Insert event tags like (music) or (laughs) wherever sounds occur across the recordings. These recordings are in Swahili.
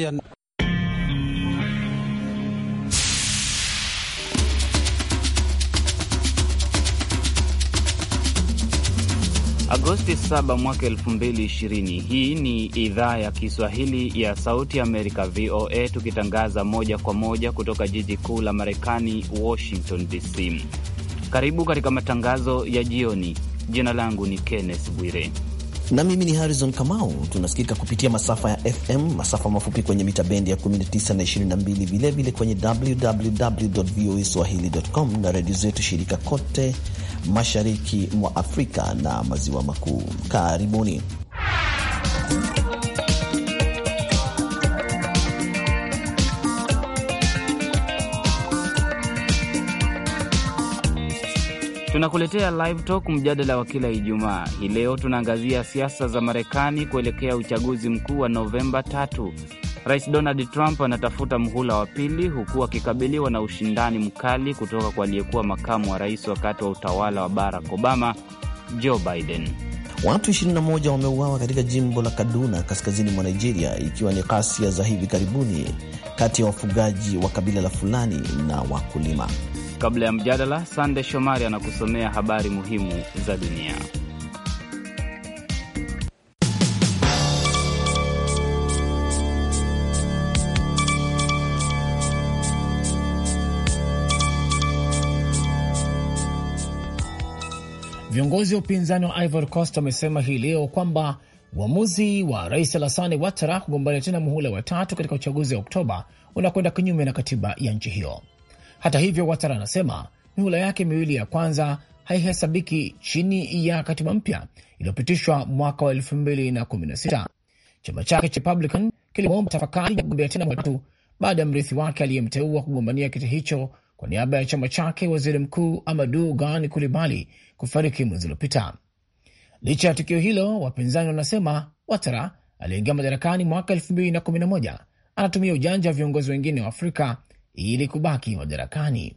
pia. Agosti 7 mwaka 2020. Hii ni idhaa ya Kiswahili ya Sauti ya Amerika, VOA, tukitangaza moja kwa moja kutoka jiji kuu la Marekani, Washington DC. Karibu katika matangazo ya jioni. Jina langu ni Kenneth Bwire na mimi ni Harrison Kamau. Tunasikika kupitia masafa ya FM, masafa mafupi kwenye mita bendi ya 19 na 22, vilevile kwenye www voa swahili.com na redio zetu shirika kote mashariki mwa Afrika na maziwa makuu. Karibuni. Tunakuletea Live Talk, mjadala wa kila Ijumaa. Hii leo tunaangazia siasa za Marekani kuelekea uchaguzi mkuu wa Novemba tatu. Rais Donald Trump anatafuta mhula wa pili huku akikabiliwa na ushindani mkali kutoka kwa aliyekuwa makamu wa rais wakati wa utawala wa Barack Obama, Joe Biden. Watu 21 wameuawa katika jimbo la Kaduna kaskazini mwa Nigeria, ikiwa ni ghasia za hivi karibuni kati ya wafugaji wa kabila la Fulani na wakulima. Kabla ya mjadala, Sande Shomari anakusomea habari muhimu za dunia. Viongozi wa upinzani wa Ivory Coast wamesema hii leo kwamba uamuzi wa rais Alassane Ouattara kugombania tena muhula wa tatu katika uchaguzi wa Oktoba unakwenda kinyume na katiba ya nchi hiyo. Hata hivyo, Watara anasema mihula yake miwili ya kwanza haihesabiki chini ya katiba mpya iliyopitishwa mwaka wa 2016. Chama chake cha Republican kilimwomba tafakari ya kugombea tena mwatu baada ya mrithi wake aliyemteua kugombania kiti hicho kwa niaba ya chama chake, waziri mkuu Amadu Gani Kulibali kufariki mwezi uliopita. Licha ya tukio hilo, wapinzani wanasema Watara aliyeingia madarakani mwaka 2011 anatumia ujanja wa viongozi wengine wa Afrika ili kubaki madarakani.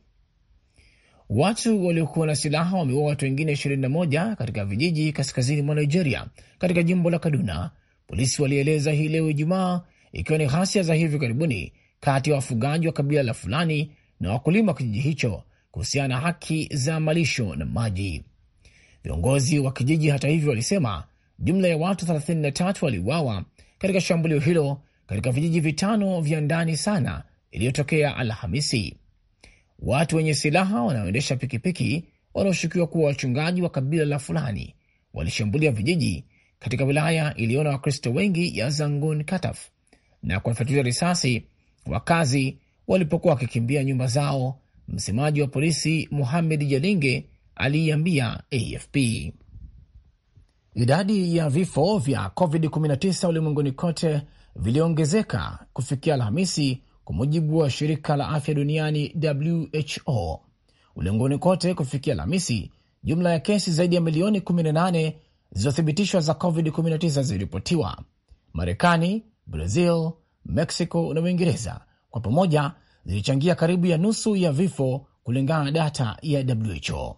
Watu waliokuwa na silaha wameua watu wengine 21 katika vijiji kaskazini mwa Nigeria, katika jimbo la Kaduna, polisi walieleza hii leo Ijumaa, ikiwa ni ghasia za hivi karibuni kati ya wafugaji wa kabila la Fulani na wakulima wa kijiji hicho kuhusiana na haki za malisho na maji. Viongozi wa kijiji, hata hivyo, walisema jumla ya watu 33 waliuawa katika shambulio hilo katika vijiji vitano vya ndani sana iliyotokea Alhamisi. Watu wenye silaha wanaoendesha pikipiki wanaoshukiwa kuwa wachungaji wa kabila la fulani walishambulia vijiji katika wilaya iliyo na Wakristo wengi ya Zangun Kataf na kuwafyatulia risasi wakazi walipokuwa wakikimbia nyumba zao. Msemaji wa polisi Muhamed Jalinge aliiambia AFP idadi ya vifo vya COVID-19 ulimwenguni kote viliongezeka kufikia Alhamisi kwa mujibu wa shirika la afya duniani WHO. Ulimwenguni kote kufikia Alhamisi, jumla ya kesi zaidi ya milioni 18 zilizothibitishwa za COVID-19 ziliripotiwa. Marekani, Brazil, Mexico na Uingereza kwa pamoja zilichangia karibu ya nusu ya vifo, kulingana na data ya WHO.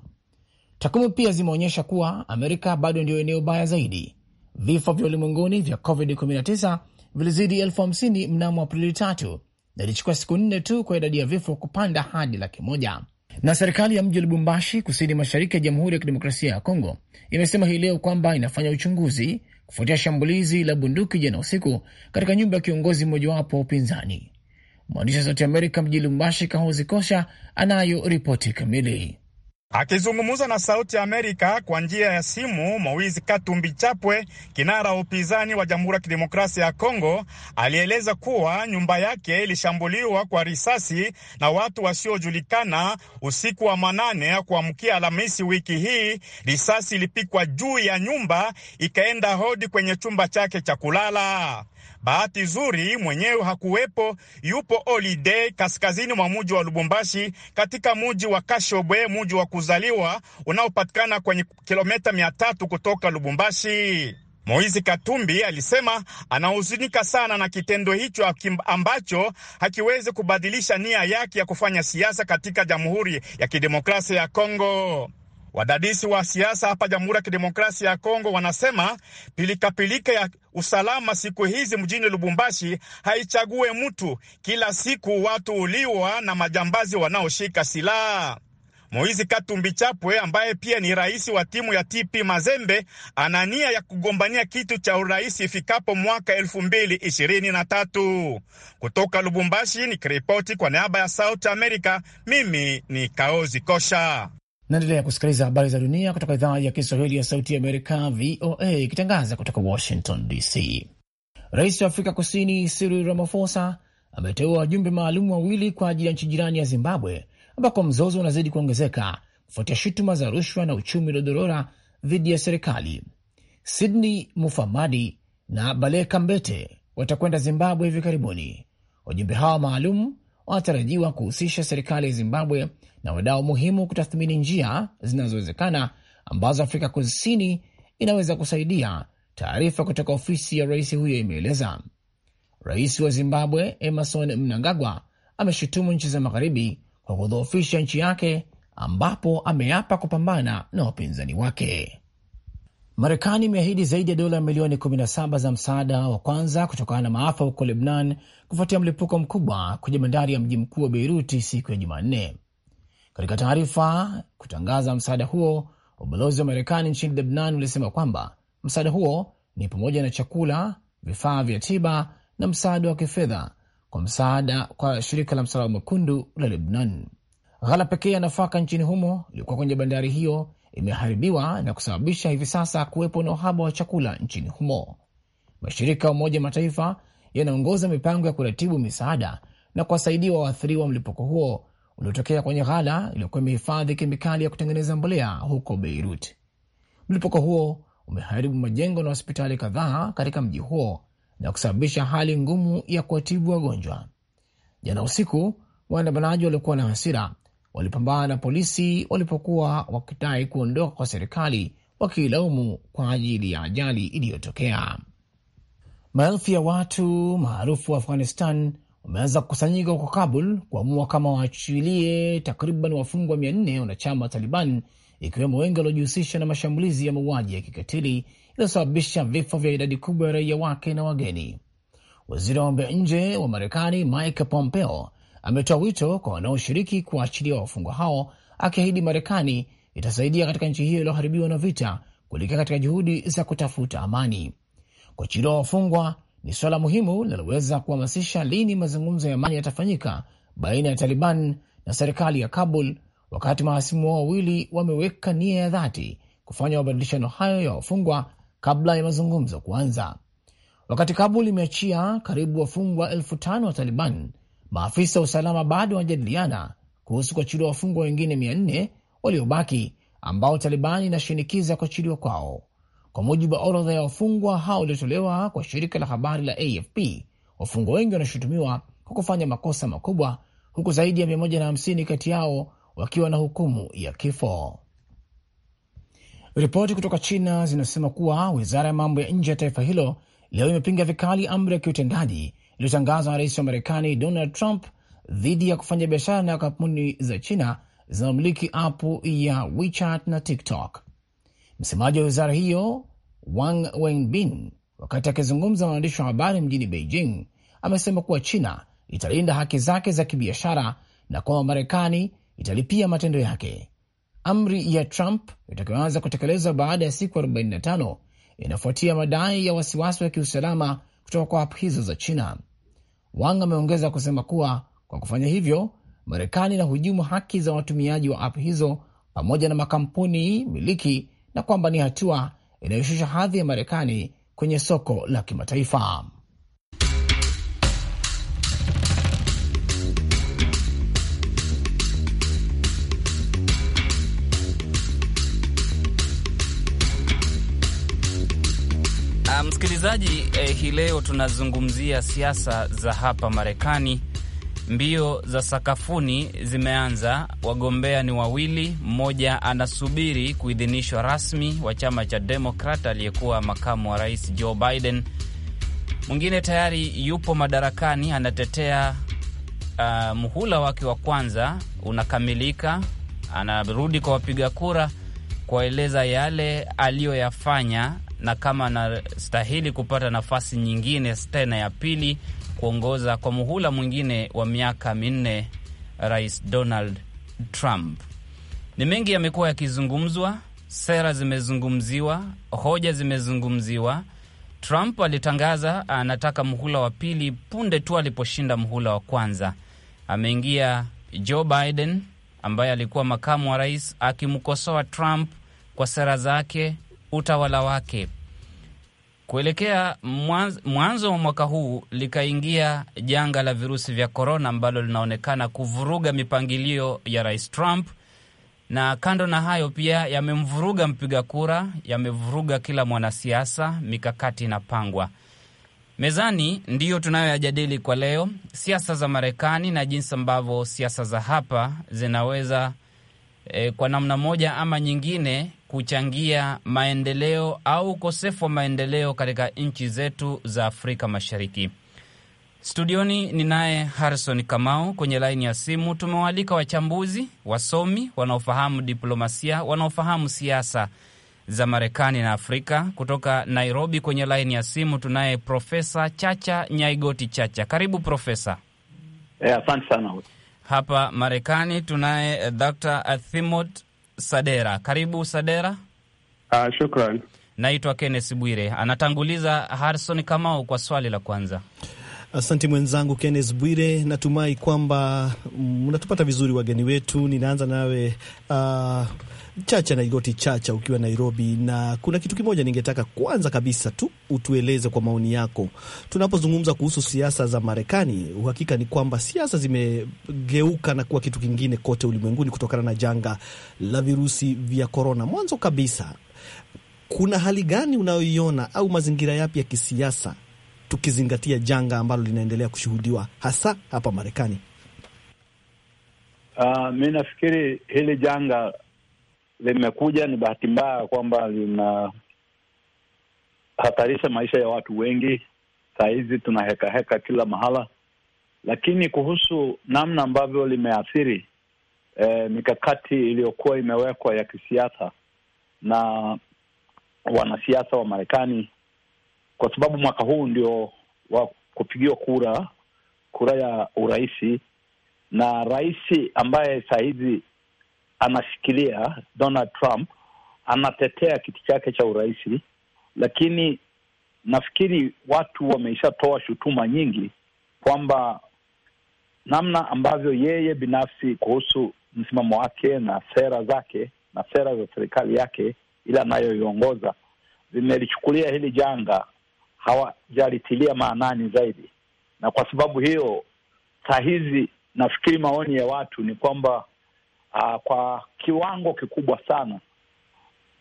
Takwimu pia zimeonyesha kuwa Amerika bado ndiyo eneo baya zaidi. Vifo vya ulimwenguni vya COVID-19 vilizidi elfu hamsini mnamo Aprili tatu na ilichukua siku nne tu kwa idadi ya vifo kupanda hadi laki moja. Na serikali ya mji wa Lubumbashi, kusini mashariki ya Jamhuri ya Kidemokrasia ya Kongo, imesema hii leo kwamba inafanya uchunguzi kufuatia shambulizi la bunduki jana usiku katika nyumba ya kiongozi mmojawapo wa upinzani. Mwandishi wa Sauti Amerika mjini Lubumbashi, Kahozi Kosha anayo ripoti kamili. Akizungumza na Sauti ya Amerika kwa njia ya simu, Moizi Katumbi Chapwe, kinara wa upinzani wa Jamhuri ya Kidemokrasia ya Kongo, alieleza kuwa nyumba yake ilishambuliwa kwa risasi na watu wasiojulikana usiku wa manane ya kuamkia Alhamisi wiki hii. Risasi ilipikwa juu ya nyumba ikaenda hodi kwenye chumba chake cha kulala. Bahati nzuri mwenyewe hakuwepo, yupo Olide kaskazini mwa muji wa Lubumbashi, katika muji wa Kashobwe, muji wa kuzaliwa unaopatikana kwenye kilomita mia tatu kutoka Lubumbashi. Moizi Katumbi alisema anahuzunika sana na kitendo hicho ambacho hakiwezi kubadilisha nia yake ya kufanya siasa katika Jamhuri ya Kidemokrasia ya Kongo. Wadadisi wa siasa hapa Jamhuri ya Kidemokrasia ya Kongo wanasema pilikapilika ya usalama siku hizi mjini Lubumbashi haichague mtu, kila siku watu uliwa na majambazi wanaoshika silaha. Moizi Katumbi Chapwe ambaye pia ni rais wa timu ya TP Mazembe ana nia ya kugombania kitu cha urais ifikapo mwaka 2023. Kutoka Lubumbashi ni kiripoti kwa niaba ya Sauti america mimi ni Kaozi Kosha. Naendelea kusikiliza habari za dunia kutoka idhaa ya Kiswahili ya Sauti ya Amerika, VOA, ikitangaza kutoka Washington DC. Rais wa Afrika Kusini Cyril Ramaphosa ameteua wajumbe maalum wawili kwa ajili ya nchi jirani ya Zimbabwe ambako mzozo unazidi kuongezeka kufuatia shutuma za rushwa na uchumi uliodorora dhidi ya serikali. Sydney Mufamadi na Baleka Mbete watakwenda Zimbabwe hivi karibuni. Wajumbe hawa maalum wanatarajiwa kuhusisha serikali ya Zimbabwe na wadau muhimu kutathmini njia zinazowezekana ambazo Afrika Kusini inaweza kusaidia. Taarifa kutoka ofisi ya rais huyo imeeleza. Rais wa Zimbabwe Emerson Mnangagwa ameshutumu nchi za magharibi kwa kudhoofisha nchi yake, ambapo ameapa kupambana na wapinzani wake. Marekani imeahidi zaidi ya dola milioni 17 za msaada wa kwanza kutokana na maafa huko Lebnan kufuatia mlipuko mkubwa kwenye bandari ya mji mkuu wa Beiruti siku ya Jumanne. Katika taarifa kutangaza msaada huo, ubalozi wa Marekani nchini Lebnan ulisema kwamba msaada huo ni pamoja na chakula, vifaa vya tiba na msaada wa kifedha kwa msaada kwa shirika la Msalaba Mwekundu la Lebnan. Ghala pekee ya nafaka nchini humo ilikuwa kwenye bandari hiyo imeharibiwa na kusababisha hivi sasa kuwepo na uhaba wa chakula nchini humo. Mashirika ya Umoja Mataifa yanaongoza mipango ya kuratibu misaada na kuwasaidia waathiriwa wa mlipuko huo uliotokea kwenye ghala iliyokuwa imehifadhi kemikali ya kutengeneza mbolea huko Beirut. Mlipuko huo umeharibu majengo na hospitali kadhaa katika mji huo na kusababisha hali ngumu ya kuwatibu wagonjwa. Jana usiku waandamanaji waliokuwa na hasira walipambana na polisi walipokuwa wakidai kuondoka kwa serikali, wakiilaumu kwa ajili ya ajali iliyotokea. Maelfu ya watu maarufu wa Afghanistan wameanza kukusanyika huko Kabul kuamua kama waachilie takriban wafungwa mia nne wanachama wa Taliban, ikiwemo wengi waliojihusisha na mashambulizi ya mauaji ya kikatili iliyosababisha vifo vya idadi kubwa ya raia wake na wageni. Waziri wa mambo ya nje wa Marekani Mike Pompeo ametoa wito kwa wanaoshiriki kuwaachilia wafungwa hao, akiahidi Marekani itasaidia katika nchi hiyo iliyoharibiwa na vita kuelekea katika juhudi za kutafuta amani. Kuachiliwa wafungwa ni suala muhimu linaloweza kuhamasisha lini mazungumzo ya amani yatafanyika baina ya Taliban na serikali ya Kabul, wakati mahasimu wao wawili wameweka nia ya dhati kufanya mabadilishano hayo ya wafungwa kabla ya mazungumzo kuanza. Wakati Kabul imeachia karibu wafungwa elfu tano wa Taliban Maafisa wa usalama bado wanajadiliana kuhusu kuachiliwa wafungwa wengine mia nne waliobaki ambao Taliban inashinikiza kuachiliwa kwao. Kwa mujibu wa orodha ya wafungwa hao waliotolewa kwa shirika la habari la AFP, wafungwa wengi wanashutumiwa kwa kufanya makosa makubwa, huku zaidi ya 150 kati yao wakiwa na hukumu ya kifo. Ripoti kutoka China zinasema kuwa wizara ya mambo ya nje ya taifa hilo leo imepinga vikali amri ya kiutendaji iliyotangazwa na rais wa Marekani Donald Trump dhidi ya kufanya biashara na kampuni za China zinazomiliki apu ya WeChat na TikTok. Msemaji wa wizara hiyo Wang Wenbin, wakati akizungumza na waandishi wa habari mjini Beijing, amesema kuwa China italinda haki zake za kibiashara na kwamba Marekani italipia matendo yake. Amri ya Trump itakayoanza kutekelezwa baada ya siku 45 inafuatia madai ya wasiwasi wa kiusalama kutoka kwa app hizo za China. Wang ameongeza kusema kuwa kwa kufanya hivyo, Marekani inahujumu haki za watumiaji wa app hizo pamoja na makampuni miliki na kwamba ni hatua inayoshusha hadhi ya Marekani kwenye soko la kimataifa. Ah, msikilizaji, eh, hii leo tunazungumzia siasa za hapa Marekani. Mbio za sakafuni zimeanza, wagombea ni wawili, mmoja anasubiri kuidhinishwa rasmi wa chama cha Demokrat, aliyekuwa makamu wa rais Joe Biden, mwingine tayari yupo madarakani, anatetea uh, muhula wake wa kwanza unakamilika, anarudi kwa wapiga kura kuwaeleza yale aliyoyafanya na kama anastahili kupata nafasi nyingine tena ya pili kuongoza kwa muhula mwingine wa miaka minne Rais Donald Trump. Ni mengi yamekuwa yakizungumzwa, sera zimezungumziwa, hoja zimezungumziwa. Trump alitangaza anataka muhula wa pili punde tu aliposhinda muhula wa kwanza. Ameingia Joe Biden ambaye alikuwa makamu wa rais, akimkosoa Trump kwa sera zake utawala wake. Kuelekea mwanzo wa mwaka huu likaingia janga la virusi vya korona ambalo linaonekana kuvuruga mipangilio ya Rais Trump, na kando na hayo pia yamemvuruga mpiga kura, yamevuruga kila mwanasiasa, mikakati inapangwa mezani. Ndiyo tunayoyajadili kwa leo, siasa za Marekani na jinsi ambavyo siasa za hapa zinaweza e, kwa namna moja ama nyingine kuchangia maendeleo au ukosefu wa maendeleo katika nchi zetu za Afrika Mashariki. Studioni ni naye Harrison Kamau. Kwenye laini ya simu tumewaalika wachambuzi, wasomi wanaofahamu diplomasia, wanaofahamu siasa za Marekani na Afrika. Kutoka Nairobi kwenye laini ya simu tunaye Profesa Chacha Nyaigoti Chacha. Karibu Profesa. Eh, asante yeah, sana. Hapa Marekani tunaye eh, Dr. Thimot Sadera. Karibu Sadera. Uh, shukran. Naitwa kennes Bwire. Anatanguliza harison Kamau kwa swali la kwanza. Asante mwenzangu kennes Bwire, natumai kwamba mnatupata vizuri wageni wetu. Ninaanza nawe uh, Chacha igoti Chacha, ukiwa Nairobi, na kuna kitu kimoja ningetaka kwanza kabisa tu utueleze kwa maoni yako. Tunapozungumza kuhusu siasa za Marekani, uhakika ni kwamba siasa zimegeuka na kuwa kitu kingine kote ulimwenguni kutokana na janga la virusi vya korona. Mwanzo kabisa, kuna hali gani unayoiona au mazingira yapi ya kisiasa tukizingatia janga ambalo linaendelea kushuhudiwa hasa hapa Marekani? Uh, ah, mi nafikiri hili janga limekuja ni bahati mbaya kwamba linahatarisha maisha ya watu wengi. Saa hizi tuna heka heka kila mahala, lakini kuhusu namna ambavyo limeathiri eh, mikakati iliyokuwa imewekwa ya kisiasa na wanasiasa wa Marekani kwa sababu mwaka huu ndio wa kupigiwa kura kura ya urais, na rais ambaye saa hizi anashikilia Donald Trump anatetea kiti chake cha urais, lakini nafikiri watu wameishatoa shutuma nyingi kwamba namna ambavyo yeye binafsi kuhusu msimamo wake na sera zake na sera za serikali yake ile anayoiongoza zimelichukulia hili janga hawajalitilia maanani zaidi, na kwa sababu hiyo saa hizi nafikiri maoni ya watu ni kwamba uh, kwa kiwango kikubwa sana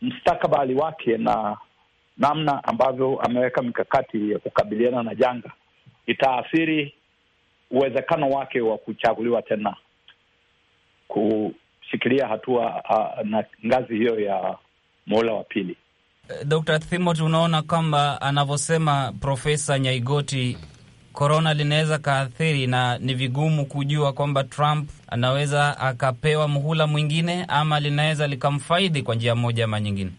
mstakabali wake na namna ambavyo ameweka mikakati ya kukabiliana na janga itaathiri uwezekano wake wa kuchaguliwa tena kushikilia hatua uh, na ngazi hiyo ya muhula wa pili. Eh, Dr. thimot unaona kwamba anavyosema Profesa Nyaigoti, korona linaweza kaathiri na ni vigumu kujua kwamba Trump anaweza akapewa muhula mwingine ama linaweza likamfaidhi kwa njia moja ama nyingine.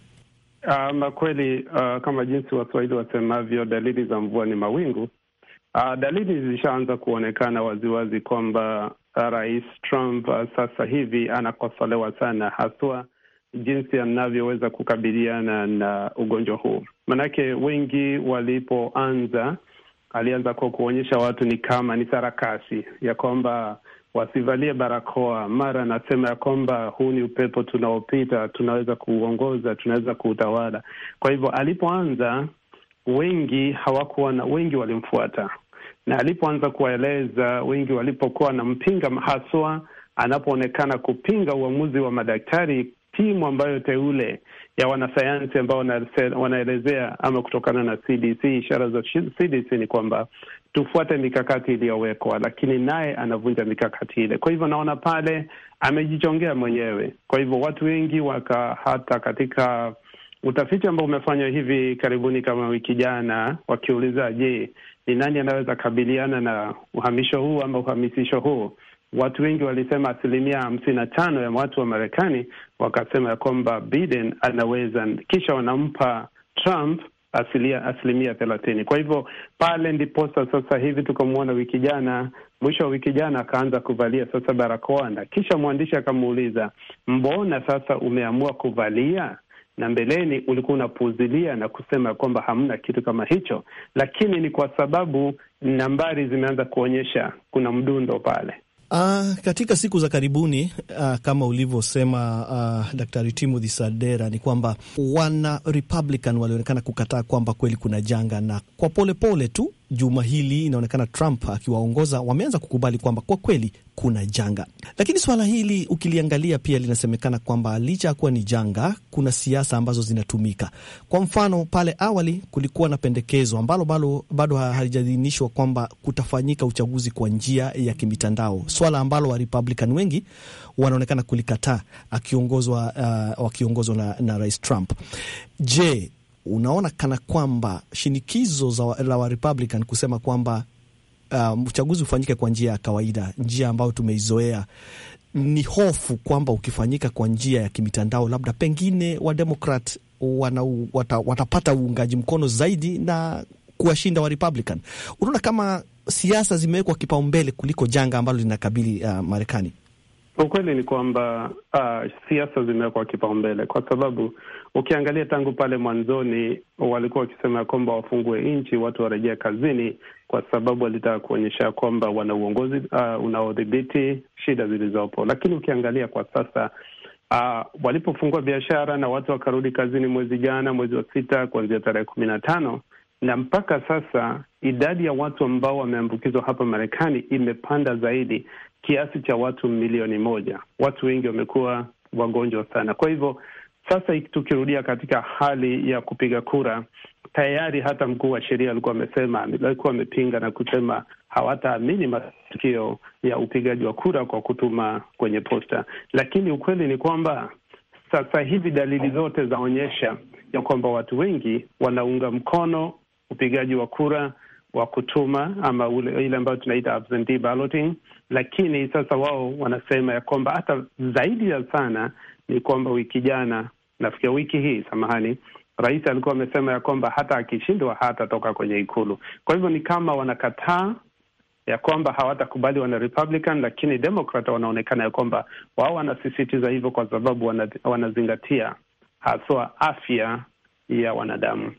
Uh, kweli uh, kama jinsi Waswahili wasemavyo dalili za mvua ni mawingu. Uh, dalili zishaanza kuonekana waziwazi kwamba Rais Trump uh, sasa hivi anakosolewa sana haswa jinsi anavyoweza kukabiliana na ugonjwa huu. Maanake wengi walipoanza, alianza kwa kuonyesha watu ni kama ni sarakasi ya kwamba wasivalie barakoa, mara anasema ya kwamba huu ni upepo tunaopita, tunaweza kuuongoza, tunaweza kuutawala. Kwa hivyo alipoanza, wengi hawakuwa na wengi walimfuata, na alipoanza kuwaeleza, wengi walipokuwa wanampinga, haswa anapoonekana kupinga uamuzi wa madaktari timu ambayo teule ya wanasayansi ambao wanaelezea ama kutokana na CDC, ishara za CDC ni kwamba tufuate mikakati iliyowekwa, lakini naye anavunja mikakati ile. Kwa hivyo naona pale amejichongea mwenyewe. Kwa hivyo watu wengi waka hata katika utafiti ambao umefanywa hivi karibuni kama wiki jana, wakiuliza je, ni nani anaweza kabiliana na uhamisho huu ama uhamisisho huu, Watu wengi walisema asilimia hamsini na tano ya watu wa Marekani wakasema ya kwamba Biden anaweza, kisha wanampa Trump asilia asilimia thelathini. Kwa hivyo pale ndiposa sasa hivi tukamwona wiki jana, mwisho wa wiki jana akaanza kuvalia sasa barakoa, na kisha mwandishi akamuuliza, mbona sasa umeamua kuvalia na mbeleni ulikuwa unapuuzilia na kusema kwamba hamna kitu kama hicho, lakini ni kwa sababu nambari zimeanza kuonyesha kuna mdundo pale. Uh, katika siku za karibuni uh, kama ulivyosema uh, Daktari Timothy Sadera ni kwamba wana Republican walionekana kukataa kwamba kweli kuna janga, na kwa polepole pole tu juma hili inaonekana Trump akiwaongoza wameanza kukubali kwamba kwa kweli kuna janga. Lakini swala hili ukiliangalia pia linasemekana kwamba licha ya kuwa ni janga, kuna siasa ambazo zinatumika. Kwa mfano, pale awali kulikuwa na pendekezo ambalo bado, bado halijaidhinishwa kwamba kutafanyika uchaguzi kwa njia ya kimitandao, swala ambalo Warepublican wengi wanaonekana kulikataa akiongozwa uh, wakiongozwa na, na Rais Trump. Je, unaona kana kwamba shinikizo za, la wa Republican kusema kwamba um, uchaguzi um, ufanyike kwa njia ya kawaida, njia ambayo tumeizoea ni hofu kwamba ukifanyika kwa njia ya kimitandao, labda pengine Wademokrat wata, watapata uungaji mkono zaidi na kuwashinda wa Republican. Unaona kama siasa zimewekwa kipaumbele kuliko janga ambalo linakabili uh, Marekani. Ukweli ni kwamba uh, siasa zimewekwa kipaumbele kwa sababu Ukiangalia tangu pale mwanzoni walikuwa wakisema ya kwamba wafungue nchi, watu warejea kazini, kwa sababu walitaka kuonyesha kwamba wana uongozi uh, unaodhibiti shida zilizopo. Lakini ukiangalia kwa sasa uh, walipofungua biashara na watu wakarudi kazini mwezi jana, mwezi wa sita, kuanzia tarehe kumi na tano na mpaka sasa idadi ya watu ambao wameambukizwa hapa Marekani imepanda zaidi kiasi cha watu milioni moja. Watu wengi wamekuwa wagonjwa sana, kwa hivyo sasa tukirudia katika hali ya kupiga kura, tayari hata mkuu wa sheria alikuwa amesema, alikuwa amepinga na kusema hawataamini matukio ya upigaji wa kura kwa kutuma kwenye posta, lakini ukweli ni kwamba sasa hivi dalili zote zaonyesha ya kwamba watu wengi wanaunga mkono upigaji wa kura wa kutuma ama ule, ile ambayo tunaita absentee balloting, lakini sasa wao wanasema ya kwamba hata zaidi ya sana ni kwamba wiki jana nafikia wiki hii, samahani, rais alikuwa amesema ya kwamba hata akishindwa hatatoka kwenye Ikulu. Kwa hivyo ni kama wanakataa ya kwamba hawatakubali wana Republican, lakini Democrat wanaonekana ya kwamba wao wanasisitiza hivyo kwa sababu wanazingatia haswa afya ya wanadamu.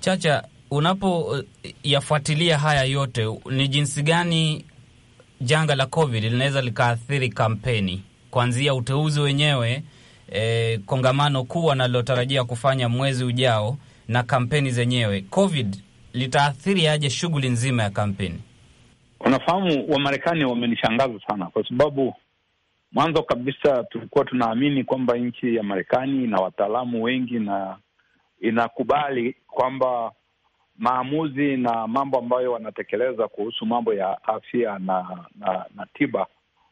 Chacha, unapoyafuatilia eh, haya yote, ni jinsi gani janga la COVID linaweza likaathiri kampeni kuanzia uteuzi wenyewe eh, kongamano kuu wanalotarajia kufanya mwezi ujao na kampeni zenyewe, covid litaathiri aje shughuli nzima ya kampeni? Unafahamu, Wamarekani wamenishangaza sana, kwa sababu mwanzo kabisa tulikuwa tunaamini kwamba nchi ya Marekani ina wataalamu wengi na inakubali kwamba maamuzi na mambo ambayo wanatekeleza kuhusu mambo ya afya na na, na tiba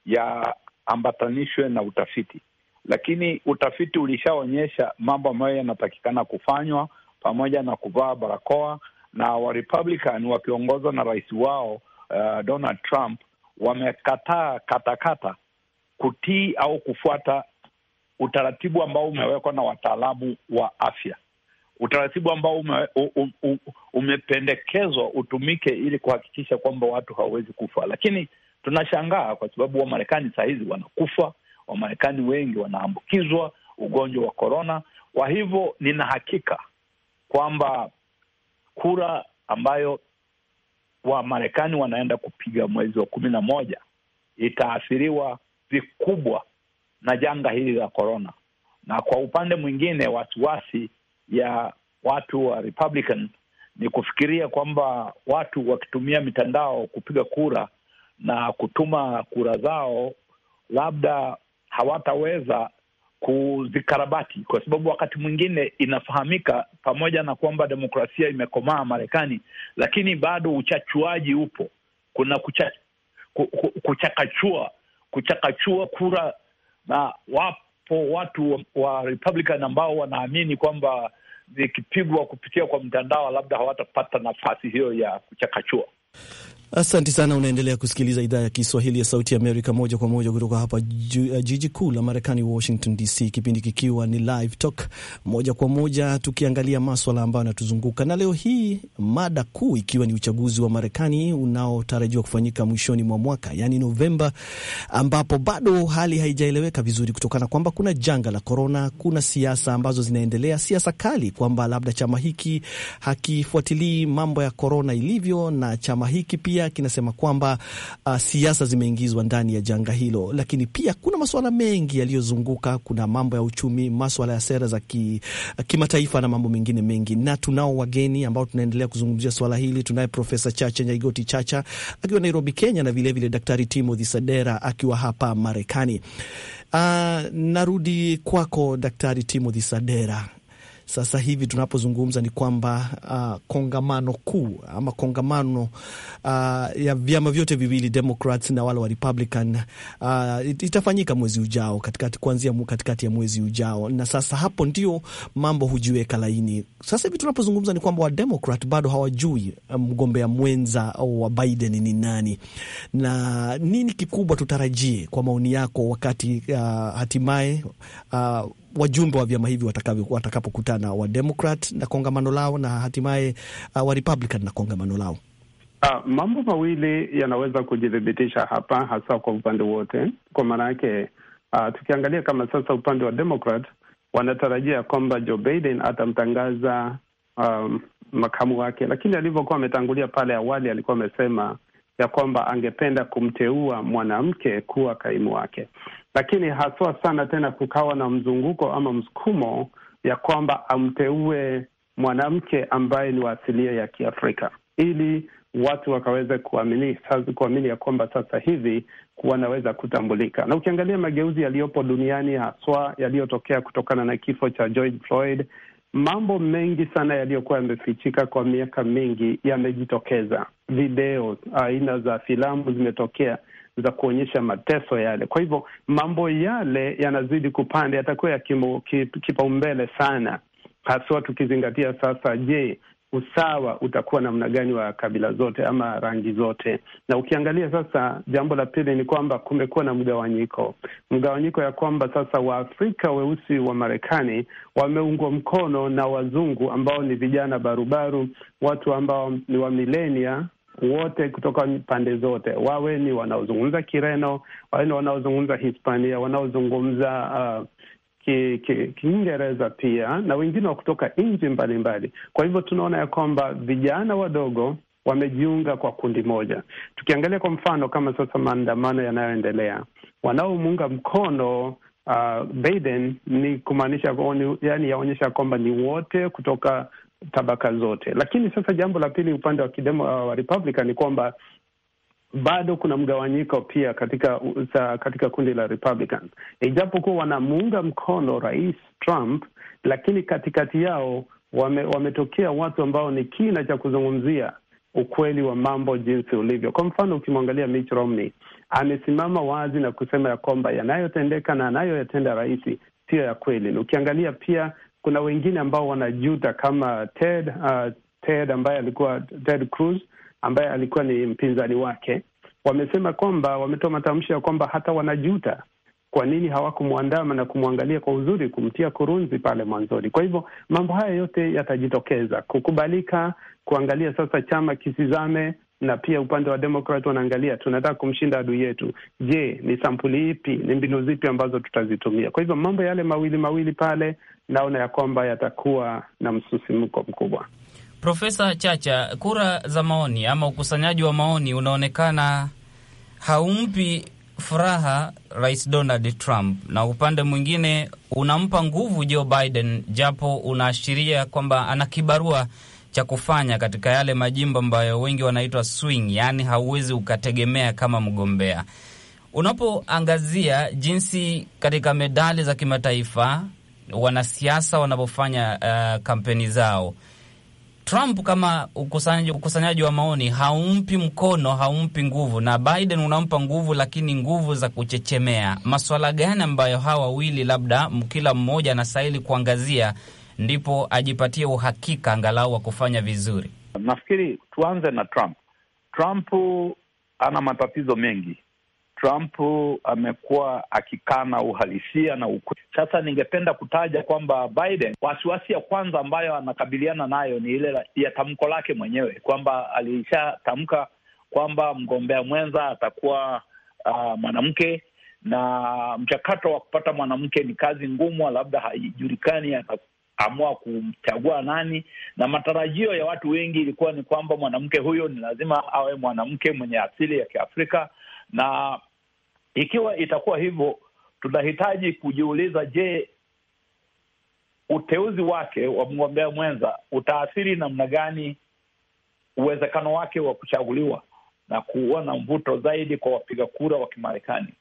yaambatanishwe na utafiti lakini utafiti ulishaonyesha mambo ambayo yanatakikana kufanywa pamoja na kuvaa barakoa, na Warepublican wakiongozwa na rais wao uh, Donald Trump wamekataa katakata kutii au kufuata utaratibu ambao umewekwa na wataalamu wa afya, utaratibu ambao ume, um, um, umependekezwa utumike ili kuhakikisha kwamba watu hawawezi kufa. Lakini tunashangaa kwa sababu Wamarekani saa hizi wanakufa Wamarekani wengi wanaambukizwa ugonjwa wa korona. Kwa hivyo nina hakika kwamba kura ambayo Wamarekani wanaenda kupiga mwezi wa kumi na moja itaathiriwa vikubwa na janga hili la korona, na kwa upande mwingine wasiwasi ya watu wa Republican ni kufikiria kwamba watu wakitumia mitandao kupiga kura na kutuma kura zao, labda hawataweza kuzikarabati kwa sababu wakati mwingine inafahamika, pamoja na kwamba demokrasia imekomaa Marekani, lakini bado uchachuaji upo. Kuna kucha, kuchakachua kuchakachua kura, na wapo watu wa Republican ambao wanaamini kwamba zikipigwa kupitia kwa mtandao, labda hawatapata nafasi hiyo ya kuchakachua. Asante sana. Unaendelea kusikiliza idhaa ya Kiswahili ya Sauti ya Amerika moja kwa moja kutoka hapa eh, jiji kuu la Marekani, Washington DC, kipindi kikiwa ni Live Talk, moja kwa moja tukiangalia maswala ambayo yanatuzunguka, na leo hii mada kuu ikiwa ni uchaguzi wa Marekani unaotarajiwa kufanyika mwishoni mwa mwaka, yaani Novemba, ambapo bado hali haijaeleweka vizuri kutokana kwamba kuna janga la korona, kuna siasa ambazo zinaendelea, siasa kali kwamba labda chama hiki hakifuatilii mambo ya korona ilivyo, na chama hiki pia pia kinasema kwamba uh, siasa zimeingizwa ndani ya janga hilo, lakini pia kuna masuala mengi yaliyozunguka. Kuna mambo ya uchumi, maswala ya sera za ki, uh, kimataifa na mambo mengine mengi, na tunao wageni ambao tunaendelea kuzungumzia swala hili. Tunaye Profesa Chacha Nyaigoti Chacha akiwa Nairobi, Kenya, na vilevile vile Daktari Timothy Sadera akiwa hapa Marekani. Uh, narudi kwako Daktari Timothy Sadera sasa hivi tunapozungumza ni kwamba uh, kongamano kuu ama kongamano uh, ya vyama vyote viwili Democrats na wale wa Republican uh, itafanyika mwezi ujao katikati, kuanzia katikati ya mwezi ujao, na sasa hapo ndio mambo hujiweka laini. Sasa hivi tunapozungumza ni kwamba wa bado hawajui um, mgombea mwenza wa Biden ni nani na nini kikubwa tutarajie, kwa maoni yako, wakati uh, hatimaye uh, wajumbe wa vyama hivi watakapokutana Wademokrat na kongamano lao na hatimaye uh, Warepublican na kongamano lao? Uh, mambo mawili yanaweza kujithibitisha hapa, hasa kwa upande wote, kwa maana yake uh, tukiangalia kama sasa upande wa Democrat wanatarajia kwamba Joe Biden atamtangaza um, makamu wake, lakini alivyokuwa ametangulia pale awali alikuwa amesema ya kwamba angependa kumteua mwanamke kuwa kaimu wake lakini haswa sana tena kukawa na mzunguko ama msukumo ya kwamba amteue mwanamke ambaye ni wa asilia ya Kiafrika ili watu wakaweze kuamini kuamini ya kwamba sasa hivi wanaweza kutambulika. Na ukiangalia mageuzi yaliyopo duniani, haswa yaliyotokea kutokana na kifo cha George Floyd, mambo mengi sana yaliyokuwa yamefichika kwa miaka mingi yamejitokeza. Video, aina za filamu zimetokea za kuonyesha mateso yale. Kwa hivyo mambo yale yanazidi kupanda, yatakuwa ya kipaumbele sana, haswa tukizingatia sasa, je, usawa utakuwa namna gani wa kabila zote ama rangi zote? Na ukiangalia sasa, jambo la pili ni kwamba kumekuwa na mgawanyiko, mgawanyiko ya kwamba sasa Waafrika weusi wa Marekani wameungwa mkono na wazungu ambao ni vijana barubaru, watu ambao ni wa milenia wote kutoka pande zote, wawe ni wanaozungumza Kireno, wawe ni wanaozungumza Hispania, wanaozungumza uh, Kiingereza ki, ki pia na wengine wa kutoka nchi mbalimbali. Kwa hivyo tunaona ya kwamba vijana wadogo wamejiunga kwa kundi moja. Tukiangalia kwa mfano kama sasa maandamano yanayoendelea, wanaomuunga mkono uh, Biden ni kumaanisha, yaani yaonyesha kwamba ni wote kutoka tabaka zote. Lakini sasa jambo la pili upande wa kidemo uh, wa Republican ni kwamba bado kuna mgawanyiko pia katika sa, katika kundi la Republican, ijapokuwa wanamuunga mkono Rais Trump, lakini katikati yao wame, wametokea watu ambao ni kina cha kuzungumzia ukweli wa mambo jinsi ulivyo. Kwa mfano, ukimwangalia Mitch Romney amesimama wazi na kusema ya kwamba yanayotendeka na anayoyatenda rais siyo ya kweli. Ukiangalia pia kuna wengine ambao wanajuta kama Ted, uh, Ted ambaye alikuwa Ted Cruz ambaye alikuwa ni mpinzani wake, wamesema kwamba wametoa matamshi ya kwamba hata wanajuta kwa nini hawakumwandama na kumwangalia kwa uzuri, kumtia kurunzi pale mwanzoni. Kwa hivyo mambo haya yote yatajitokeza, kukubalika, kuangalia sasa chama kisizame na pia upande wa demokrat wanaangalia tunataka kumshinda adui yetu. Je, ni sampuli ipi, ni mbinu zipi ambazo tutazitumia? Kwa hivyo mambo yale mawili mawili pale naona ya kwamba yatakuwa na msusimko mkubwa. Profesa Chacha, kura za maoni ama ukusanyaji wa maoni unaonekana haumpi furaha Rais Donald Trump, na upande mwingine unampa nguvu Joe Biden, japo unaashiria kwamba ana kibarua cha kufanya katika yale majimbo ambayo wengi wanaitwa swing, yaani hauwezi ukategemea kama mgombea. Unapoangazia jinsi katika medali za kimataifa wanasiasa wanavyofanya uh, kampeni zao, Trump kama ukusanyaji, ukusanyaji wa maoni haumpi mkono, haumpi nguvu, na Biden unampa nguvu, lakini nguvu za kuchechemea. Maswala gani ambayo hawa wawili labda kila mmoja anastahili kuangazia ndipo ajipatie uhakika angalau wa kufanya vizuri? Nafikiri tuanze na Trump. Trump ana matatizo mengi. Trump amekuwa akikana uhalisia na ukweli. Sasa ningependa kutaja kwamba Biden, wasiwasi ya kwanza ambayo anakabiliana nayo ni ile ya tamko lake mwenyewe kwamba alishatamka kwamba mgombea mwenza atakuwa uh, mwanamke na mchakato wa kupata mwanamke ni kazi ngumu, labda haijulikani kuamua kumchagua nani, na matarajio ya watu wengi ilikuwa ni kwamba mwanamke huyo ni lazima awe mwanamke mwenye asili ya Kiafrika. Na ikiwa itakuwa hivyo, tunahitaji kujiuliza, je, uteuzi wake wa mgombea mwenza utaathiri namna gani uwezekano wake wa kuchaguliwa na kuwa na mvuto zaidi kwa wapiga kura wa Kimarekani.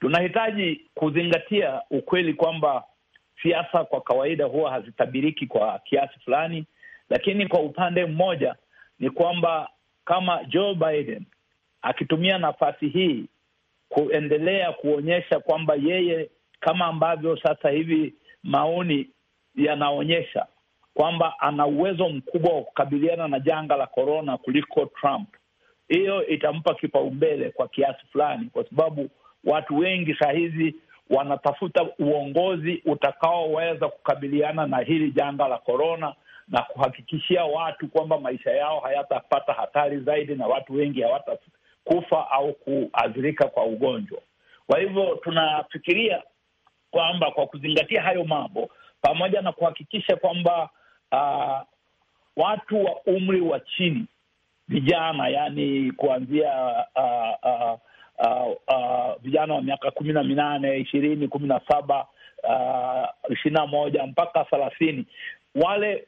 Tunahitaji kuzingatia ukweli kwamba siasa kwa kawaida huwa hazitabiriki kwa kiasi fulani, lakini kwa upande mmoja ni kwamba kama Joe Biden akitumia nafasi hii kuendelea kuonyesha kwamba yeye kama ambavyo sasa hivi maoni yanaonyesha kwamba ana uwezo mkubwa wa kukabiliana na janga la korona kuliko Trump, hiyo itampa kipaumbele kwa kiasi fulani, kwa sababu watu wengi saa hizi wanatafuta uongozi utakaoweza kukabiliana na hili janga la korona na kuhakikishia watu kwamba maisha yao hayatapata hatari zaidi na watu wengi hawatakufa au kuathirika kwa ugonjwa. Kwa hivyo tunafikiria kwamba kwa kuzingatia hayo mambo pamoja na kuhakikisha kwamba uh, watu wa umri wa chini vijana, yani kuanzia uh, uh, vijana uh, uh, wa miaka kumi na minane ishirini kumi na saba uh, ishirini na moja mpaka thelathini wale